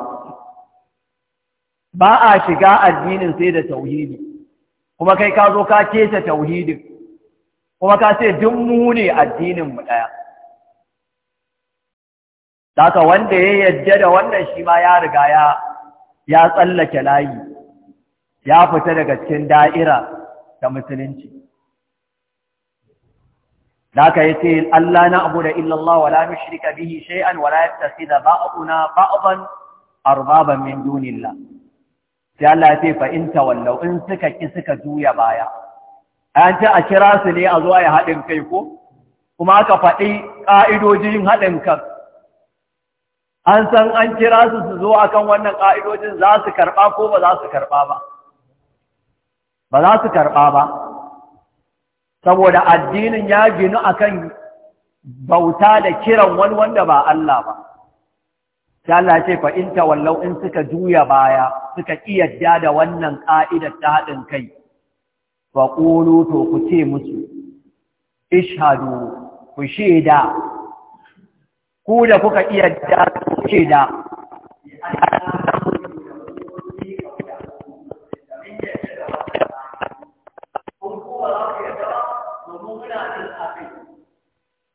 ba a shiga addinin sai da tauhidi kuma kai ka zo ka kesa tauhidin kuma ka ce duk mu ne addininmu ɗaya Daka wanda ya yadda da wannan shi ma ya riga ya ya tsallake layi ya fita daga cikin da'ira da musulunci Daka ya ce, Allah na abu da illallah wa la nushrika bihi shay'an wa la yattasida ba'duna ba'dan arbaban min dunillah. Sai Allah ya ce fa in suka ki suka juya baya. An ce a kira su ne a zuwa ya haɗin kai ko? Kuma aka faɗi ƙa'idojin haɗin kan. An san an kira su su zo akan wannan ƙa'idojin za su karɓa ko ba za su karɓa ba. Ba za su karɓa ba. saboda addinin ya ginu akan bauta da kiran wani wanda ba Allah ba sai Allah ce fa in in suka juya baya suka kiyarda da wannan ƙa'idar ta haɗin kai fa qulu to ku ce musu ishhadu ku shaida ku da kuka da ku shaida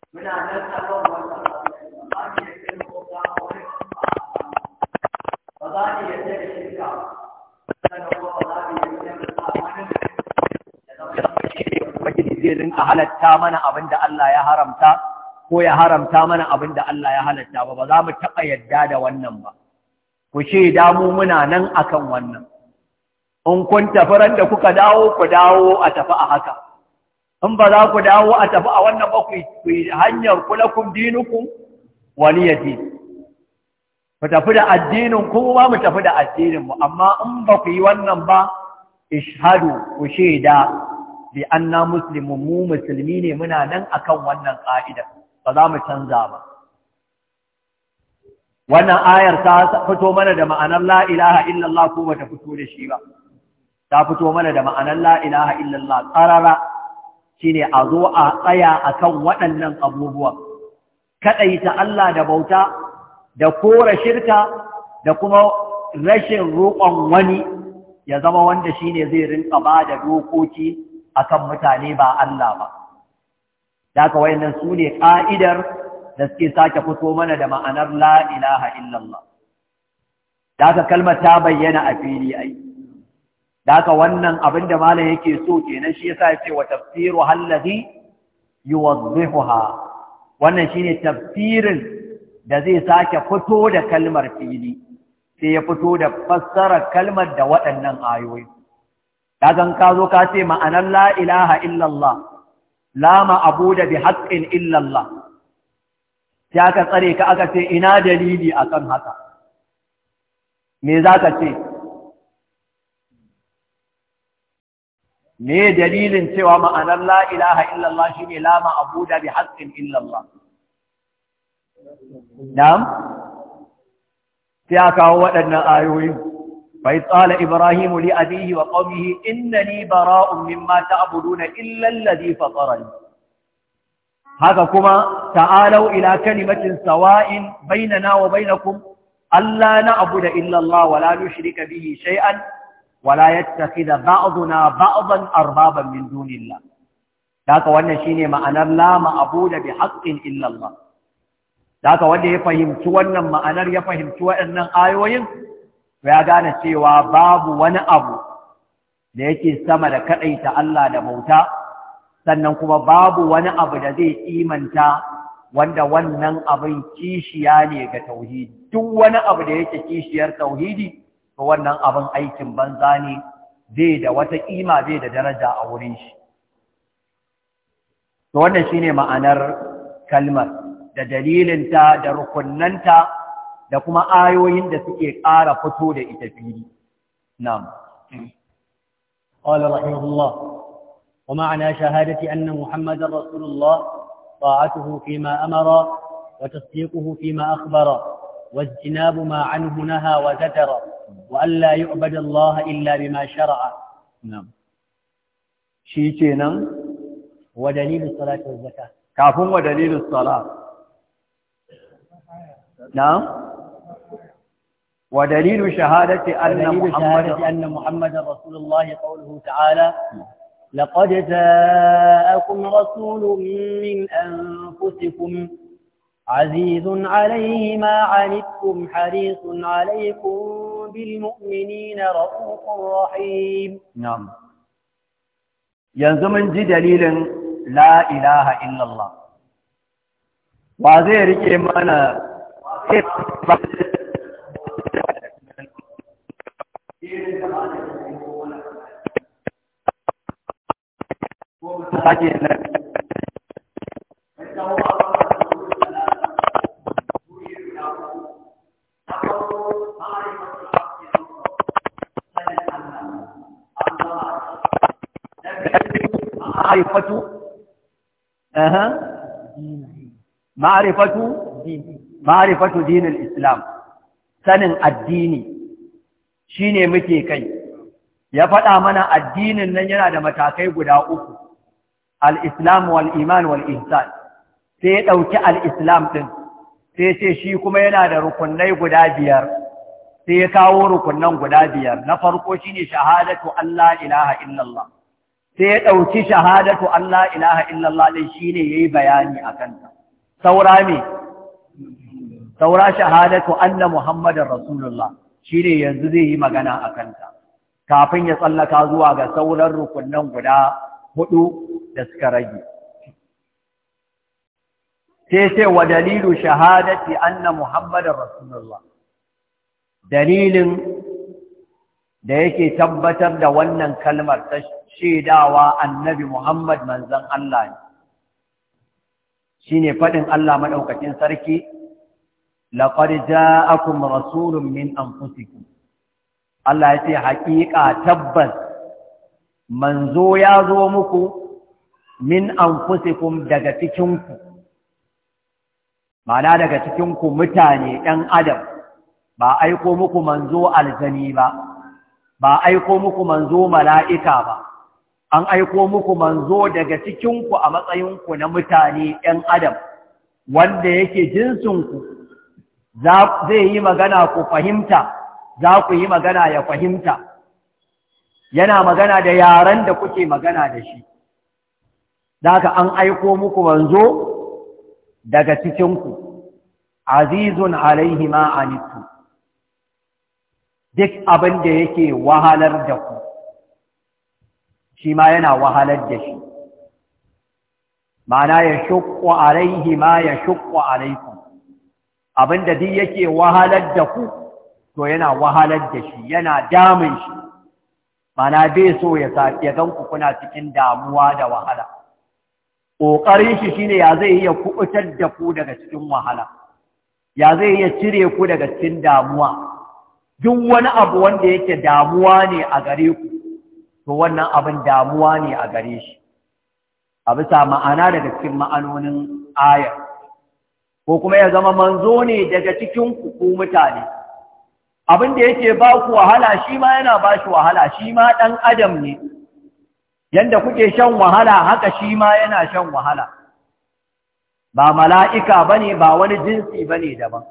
muna nan a kan wannan ba ko ba ba za ya ba za mu ba za ba wani halatta mana abin da Allah ya haramta ko ya haramta mana abin da Allah ya halatta ba ba za mu taɓa yadda da wannan ba ku ce damu muna nan akan wannan in kun tafi da kuka dawo ku dawo a tafi a haka in ba za ku dawo a tafi a wannan ba ku yi hanyar kulakun dinukun waliyati ku tafi da addinin kuma mu tafi da addininmu amma in ba ku yi wannan ba ishadu ku shaida bi anna muslimun mu musulmi ne muna nan akan wannan ka'ida ba za mu canza ba wannan ayar ta fito mana da ma'anar la ilaha illallah ko bata fito da shi ba ta fito mana da ma'anar la ilaha illallah tsarara shine a zo a tsaya akan waɗannan abubuwan kaɗaita Allah da bauta da kora shirka da kuma rashin roƙon wani ya zama wanda shine zai rinka ba da dokoki akan mutane ba Allah ba daga wayannan sune ne ƙa'idar da suke sake fito mana da ma'anar la ilaha illallah daga kalmar ta bayyana a fili ai da haka wannan abin da malam yake so kenan shi yasa yace wa tafsiru allazi yuwaddihuha wannan shine tafsirin da zai sake fito da kalmar fili sai ya fito da fassarar kalmar da waɗannan ayoyi kagan ka zo ka ce ma'anar la ilaha illallah la ma'abuda bi haqqin illallah sai aka tsare ka aka ce ina dalili akan haka me zaka ce me dalilin cewa ma'anar la'ilaha ilaha illallah shine la da bi haqqin illallah na'am sai a kawo waɗannan ayoyi bai tsala ibrahimu li abihi wa qawmihi innani bara'un mimma ta'buduna illa alladhi fatarani haka kuma ta'alau ila kalimacin sawa'in bainana wa bainakum alla na'budu illa Allah wa la nushrika bihi shay'an wala yattakhidha ba'duna ba'dan arbaban min dunillah Daka wannan shine ma'anar la ma'budu bi haqqin illa Allah Daka wanda ya fahimci wannan ma'anar ya fahimci waɗannan ayoyin ya gane cewa babu wani abu da yake sama da kadaita Allah da bauta sannan kuma babu wani abu da zai imanta wanda wannan abin kishiya ne ga tauhidi duk wani abu da yake kishiyar tauhidi to wannan abin aikin banza ne bai da wata ƙima bai da daraja a wurin shi to wannan shine ma'anar kalmar da dalilinta da rukunnanta da kuma ayoyin da suke ƙara fito da ita fili na'am قال رحمه الله ومعنى شهادة أن محمد رسول الله طاعته فيما أمر وتصديقه فيما أخبر واجتناب ما عنه نهى وزتر وأن لا يعبد الله إلا بما شرع نعم شيء كنا ودليل الصلاة والزكاة كافون ودليل الصلاة نعم ودليل شهادة أن محمد أن محمد رسول الله قوله تعالى نعم. لقد جاءكم رسول من أنفسكم عزيز عليه ما عنتم حريص عليكم بالمؤمنين رؤوف رحيم نعم ينزم انجي دليل لا إله إلا الله وزير إيمانا إيمانا ma'arifatu ma'arifatu ma'arifatu dinil islam sanin addini shine muke kai ya faɗa mana addinin nan yana da matakai guda uku al-islam wal iman wal ihsan sai ya ɗauki al-islam ɗin, sai ce shi kuma yana da rukunai guda biyar sai ya kawo rukunan guda biyar na farko shine shahadatu Allah ilaha illallah sai ya ɗauki shahadatu Allah ilaha illallah ɗin shi ne ya yi bayani a kanta. Saura me? Saura shahadatu Allah Muhammadin Rasulullah shi ne yanzu zai yi magana a kanta, kafin ya tsallaka zuwa ga sauran rukunan guda hudu da suka rage. Sai sai wa dalilu shahadati Allah Muhammadin Rasulullah. Dalilin da yake tabbatar da wannan kalmar ta shaidawa annabi Muhammad manzon Allah ne Shi ne faɗin Allah maɗaukacin sarki laqad ja'akum rasulun min anfusikum Allah ya ce haƙiƙa tabbas manzo ya zo muku min anfusikum daga cikinku ma'ana daga cikinku mutane ɗan adam ba aiko muku manzo aljani ba ba aiko muku manzo mala'ika ba an aiko muku manzo daga cikinku a matsayinku na mutane ‘yan adam wanda yake jinsinku zai yi magana ku fahimta za ku yi magana ya fahimta yana magana da yaran da kuke magana da shi daga an aiko muku manzo daga cikinku azizun alaihima ma'anitu duk abin da yake wahalar da ku shi ma yana wahalar da shi ma'ana ya shukku alaihi ma ya shukku alaikum da duk yake wahalar da ku to yana wahalar da shi yana damun shi ma'ana bai so ya ganku ku kuna cikin damuwa da wahala ƙoƙarin shi shine ya zai iya kuɓutar da ku daga cikin wahala ya zai iya cire ku daga cikin damuwa duk wani abu wanda yake damuwa ne a gare ku to wannan abin damuwa ne a gare shi a bisa ma'ana daga cikin ma'anonin ayar ko kuma ya zama manzo ne daga cikin ku mutane abin da yake ba ku wahala shi ma yana ba shi wahala shi ma ɗan adam ne Yadda kuke shan wahala haka shi ma yana shan wahala ba mala'ika ba ne ba wani jinsi ba ne daban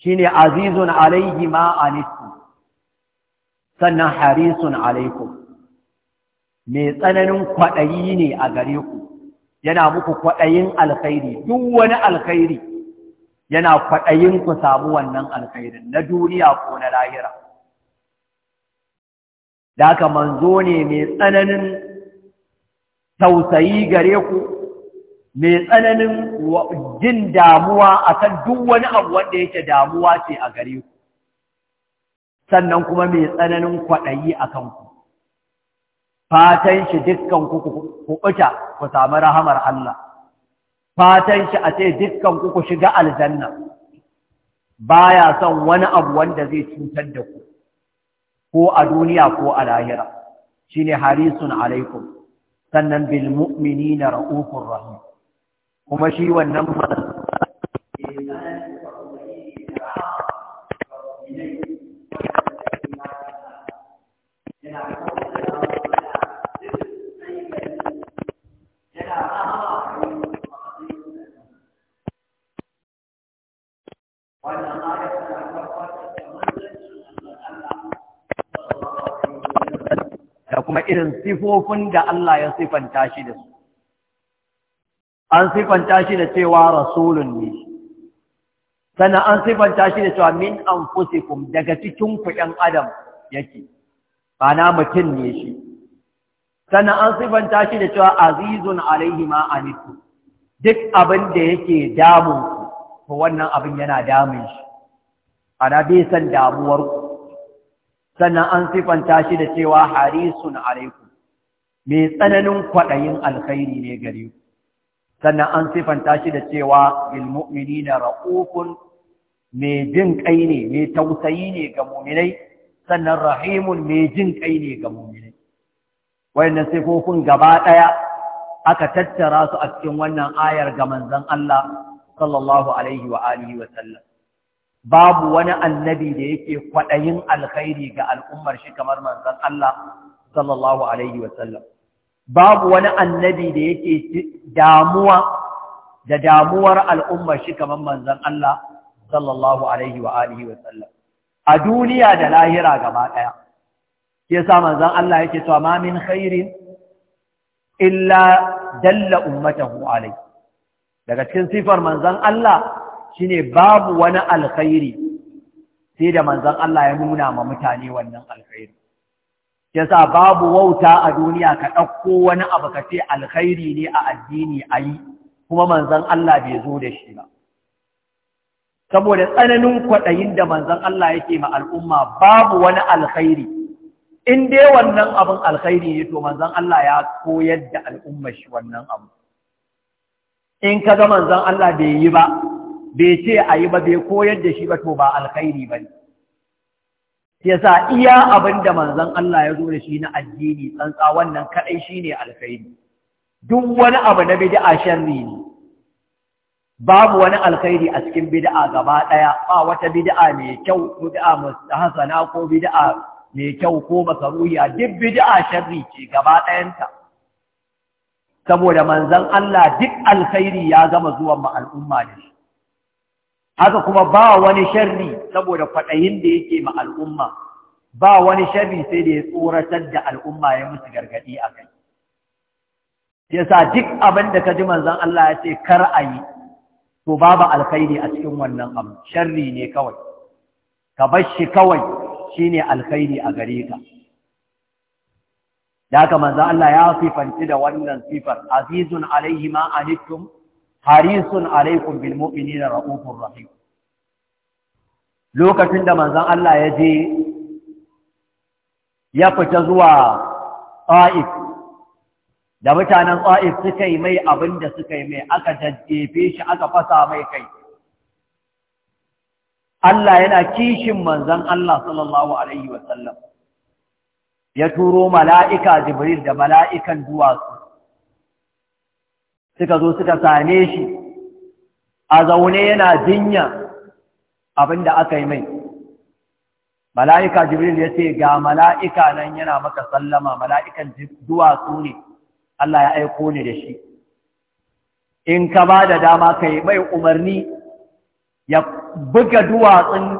shi ne azizun alaihi ma'anistu sannan harisun alaikum mai tsananin kwaɗayi ne a gare ku yana muku kwaɗayin alkhairi duk wani alkhairi yana kwaɗayin ku samu wannan alkhairin na duniya ko na lahira da aka manzo ne mai tsananin tausayi gare ku mai tsananin jin damuwa a kan duk wani abu wanda yake damuwa ce a gare ku sannan kuma mai tsananin kwaɗayi a kanku fatan shi dukkan ku kuɓuta ku sami rahamar Allah fatan shi a ce dukkan ku ku shiga aljanna baya son wani abu wanda zai cutar da ku ko a duniya ko a lahira shine harisun alaikum sannan bil mu'minina ra'ufur rahim kuma shi wannan kuma irin sifofin da Allah ya sifanta shi da su an sifanta shi da cewa rasulun ne sannan an sifanta shi da cewa min anfusikum daga cikin kuɗin adam yake bana mutum ne shi sannan an sifanta shi da cewa azizun alaihi ma anitu duk abin da yake damun ku wannan abin yana damun shi ana bai san damuwarku. sannan an sifanta shi da cewa harisun alaikum mai tsananin kwaɗayin alkhairi ne gare ku sannan an sifanta shi da cewa bil na ra'ufun mai jin kai ne mai tausayi ne ga mu'minai sannan rahimun mai jin kai ne ga mu'minai wayannan sifofin gaba ɗaya aka tattara su a cikin wannan ayar ga manzon Allah sallallahu alaihi wa alihi wa sallam babu wani annabi da yake kwaɗayin alkhairi ga al'ummar shi kamar manzon Allah sallallahu alaihi wasallam babu wani annabi da yake damuwa da damuwar al'ummar shi kamar manzon Allah sallallahu alaihi wa alihi wasallam a duniya da lahira gaba ɗaya ke sa manzon Allah yake cewa ma min khairin illa dalla ummatahu alai daga cikin sifar manzon Allah shine babu wani alkhairi sai da manzon Allah ya nuna ma mutane wannan alkhairi yasa babu wauta a duniya ka ɗauko wani abu ka ce alkhairi ne a addini ayi kuma manzon Allah bai zo da shi ba saboda tsananin kwaɗayin da manzon Allah yake ma al'umma babu wani alkhairi in dai wannan abin alkhairi ne to manzon Allah ya koyar da al'umma shi wannan abu in ka ga manzon Allah bai yi ba bai ce a yi ba bai koyar da shi ba to ba alkhairi ba ne sai sa iya abin da manzon Allah ya zo da shi na addini tsantsa wannan kadai shine alkhairi duk wani abu na bid'a sharri ne babu wani alkhairi a cikin bid'a gaba ɗaya. ba wata bid'a mai kyau ko bid'a hasana ko bid'a mai kyau ko makaruya duk bid'a sharri ce gaba ɗayanta. saboda Manzan Allah duk alkhairi ya zama zuwan ma al'umma da shi haka kuma ba wani sharri saboda kwaɗayin da yake ma al'umma ba wani sharri sai da ya tsoratar da al'umma ya musu gargaɗi a kai yasa duk abin da ka ji manzon Allah ya ce kar a yi to babu alkhairi a cikin wannan abu sharri ne kawai ka bar shi kawai shine alkhairi a gare ka da haka manzon Allah ya sifanci da wannan sifar azizun alaihi ma anittum harisun alaikum bil mu'minina raufur rahim lokacin da manzon Allah ya je ya fita zuwa Taif da mutanen Taif suka yi mai abin da suka yi mai aka jajjefe shi aka fasa mai kai Allah yana kishin manzon Allah sallallahu alaihi wasallam ya turo mala'ika Jibril da mala'ikan duwatsu suka zo suka same shi a zaune yana jinya abinda aka yi mai mala'ika jibril ya ce ga mala'ika nan yana maka sallama mala'ikan duwatsu ne Allah ya aiko ni da shi in ka ba da dama ka yi mai umarni ya buga duwatsun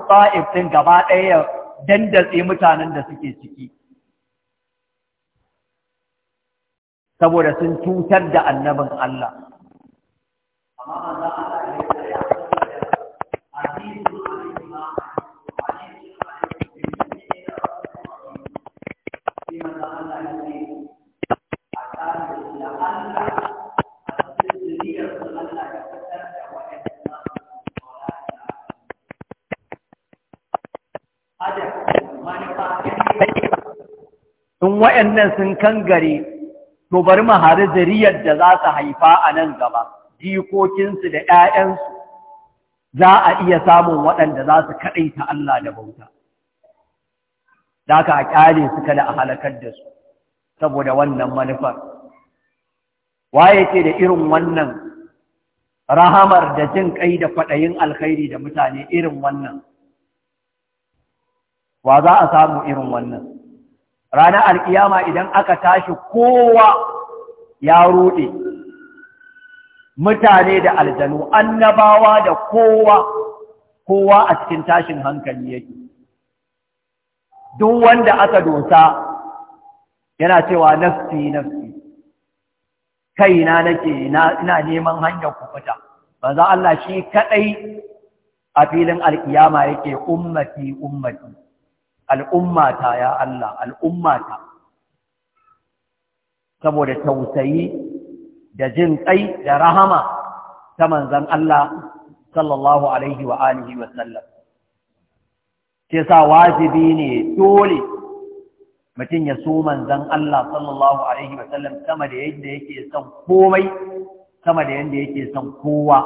ɗin gaba ɗaya ya dandatse mutanen da suke ciki saboda sun cutar da annabin Allah in waɗannan sun kangare to bari mu hari zuriyar da za su haifa a nan gaba jikokinsu da ‘ya'yansu za a iya samun waɗanda za su kaɗaita Allah da bauta Daka a ƙyale su kada a halakar da su saboda wannan manufar waye yake da irin wannan rahamar da jin kai da faɗayin alkhairi da mutane irin wannan wa za a samu irin wannan ranar al'iyama idan aka tashi kowa ya ruɗe mutane da aljanu annabawa da kowa kowa a cikin tashin hankali yake duk wanda aka dosa yana cewa nafsi nafsi kaina nake ina neman hanyar kufuta za Allah shi kaɗai a filin alkiyama yake ummati ummati al'ummata ya Allah al'ummata saboda tausayi da jin ƙai da rahama ta manzan Allah sallallahu alaihi wa alihi wa sallam sa wajibi ne dole mutum ya so manzan Allah sallallahu alaihi wa sallam sama da yadda yake son komai sama da yadda yake son kowa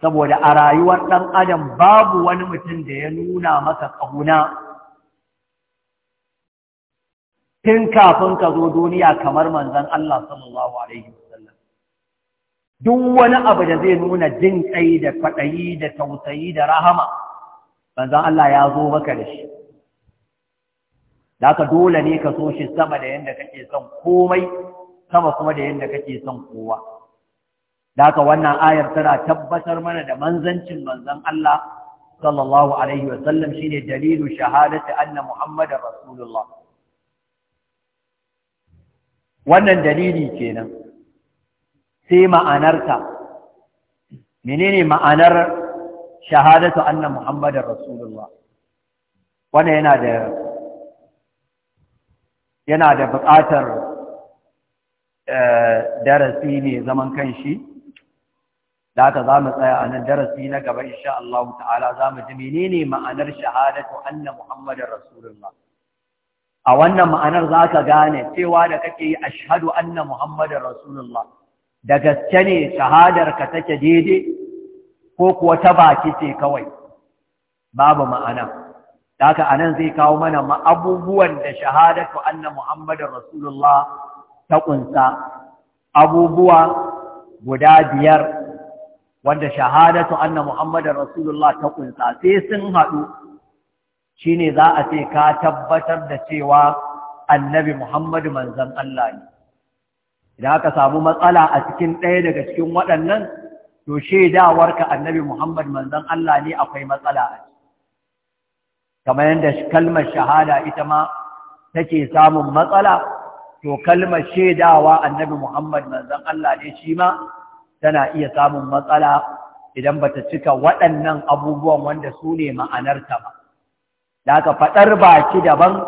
saboda a rayuwar ɗan adam babu wani mutum da ya nuna maka ƙauna tun kafin ka zo duniya kamar manzon Allah sallallahu alaihi wasallam duk wani abu da zai nuna jin ƙai da kwaɗayi da tausayi da rahama manzon Allah ya zo maka da shi da dole ne ka so shi sama da yadda kake son komai sama kuma da yadda kake son kowa da haka wannan ayar tana tabbatar mana da manzancin manzon Allah sallallahu alaihi wa sallam shine dalilu shahadati anna muhammadar rasulullah wannan dalili kenan sai ma'anarta menene ma'anar shahadatu anna muhammadar rasulullah wannan yana da yana da buƙatar eh, darasi ne zaman kanshi da haka za mu tsaya a nan darasi na gaba insha Allah ta'ala za mu ji menene ma'anar shahadatu anna muhammadar rasulullah a wannan ma'anar za ka gane cewa da kake yi ashhadu anna muhammadar rasulullah da gaske ne shahadar ka take daidai ko kuwa ta baki ce kawai babu ma'ana da haka anan zai kawo mana abubuwan da shahadatu anna muhammadar rasulullah ta kunsa abubuwa guda biyar wanda shahadatu anna muhammadar rasulullah ta kunsa sai sun haɗu shine za a ce ka tabbatar da cewa annabi muhammadu manzan Allah ne idan aka samu matsala a cikin ɗaya daga cikin waɗannan to shaidawarka annabi muhammad manzan Allah ne akwai matsala a ciki kamar yadda kalmar shahada ita ma take samun matsala to kalmar shaidawa annabi muhammad manzan Allah ne shi ma tana iya samun matsala idan bata cika waɗannan abubuwan wanda su ne ma'anarta ba da aka faɗar baki daban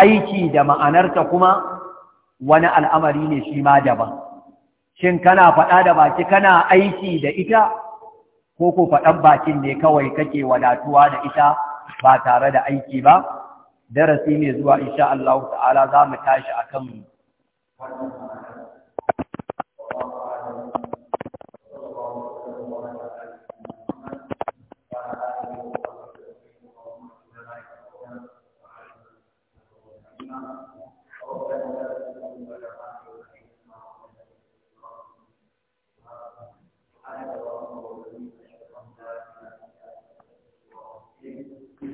aiki da ma'anarta kuma wani al'amari ne shi ma daban shin kana faɗa da baki kana aiki da ita ko ko faɗan bakin ne kawai kake wadatuwa da ita ba tare da aiki ba darasi ne zuwa insha Allah ta'ala za mu tashi kan wannan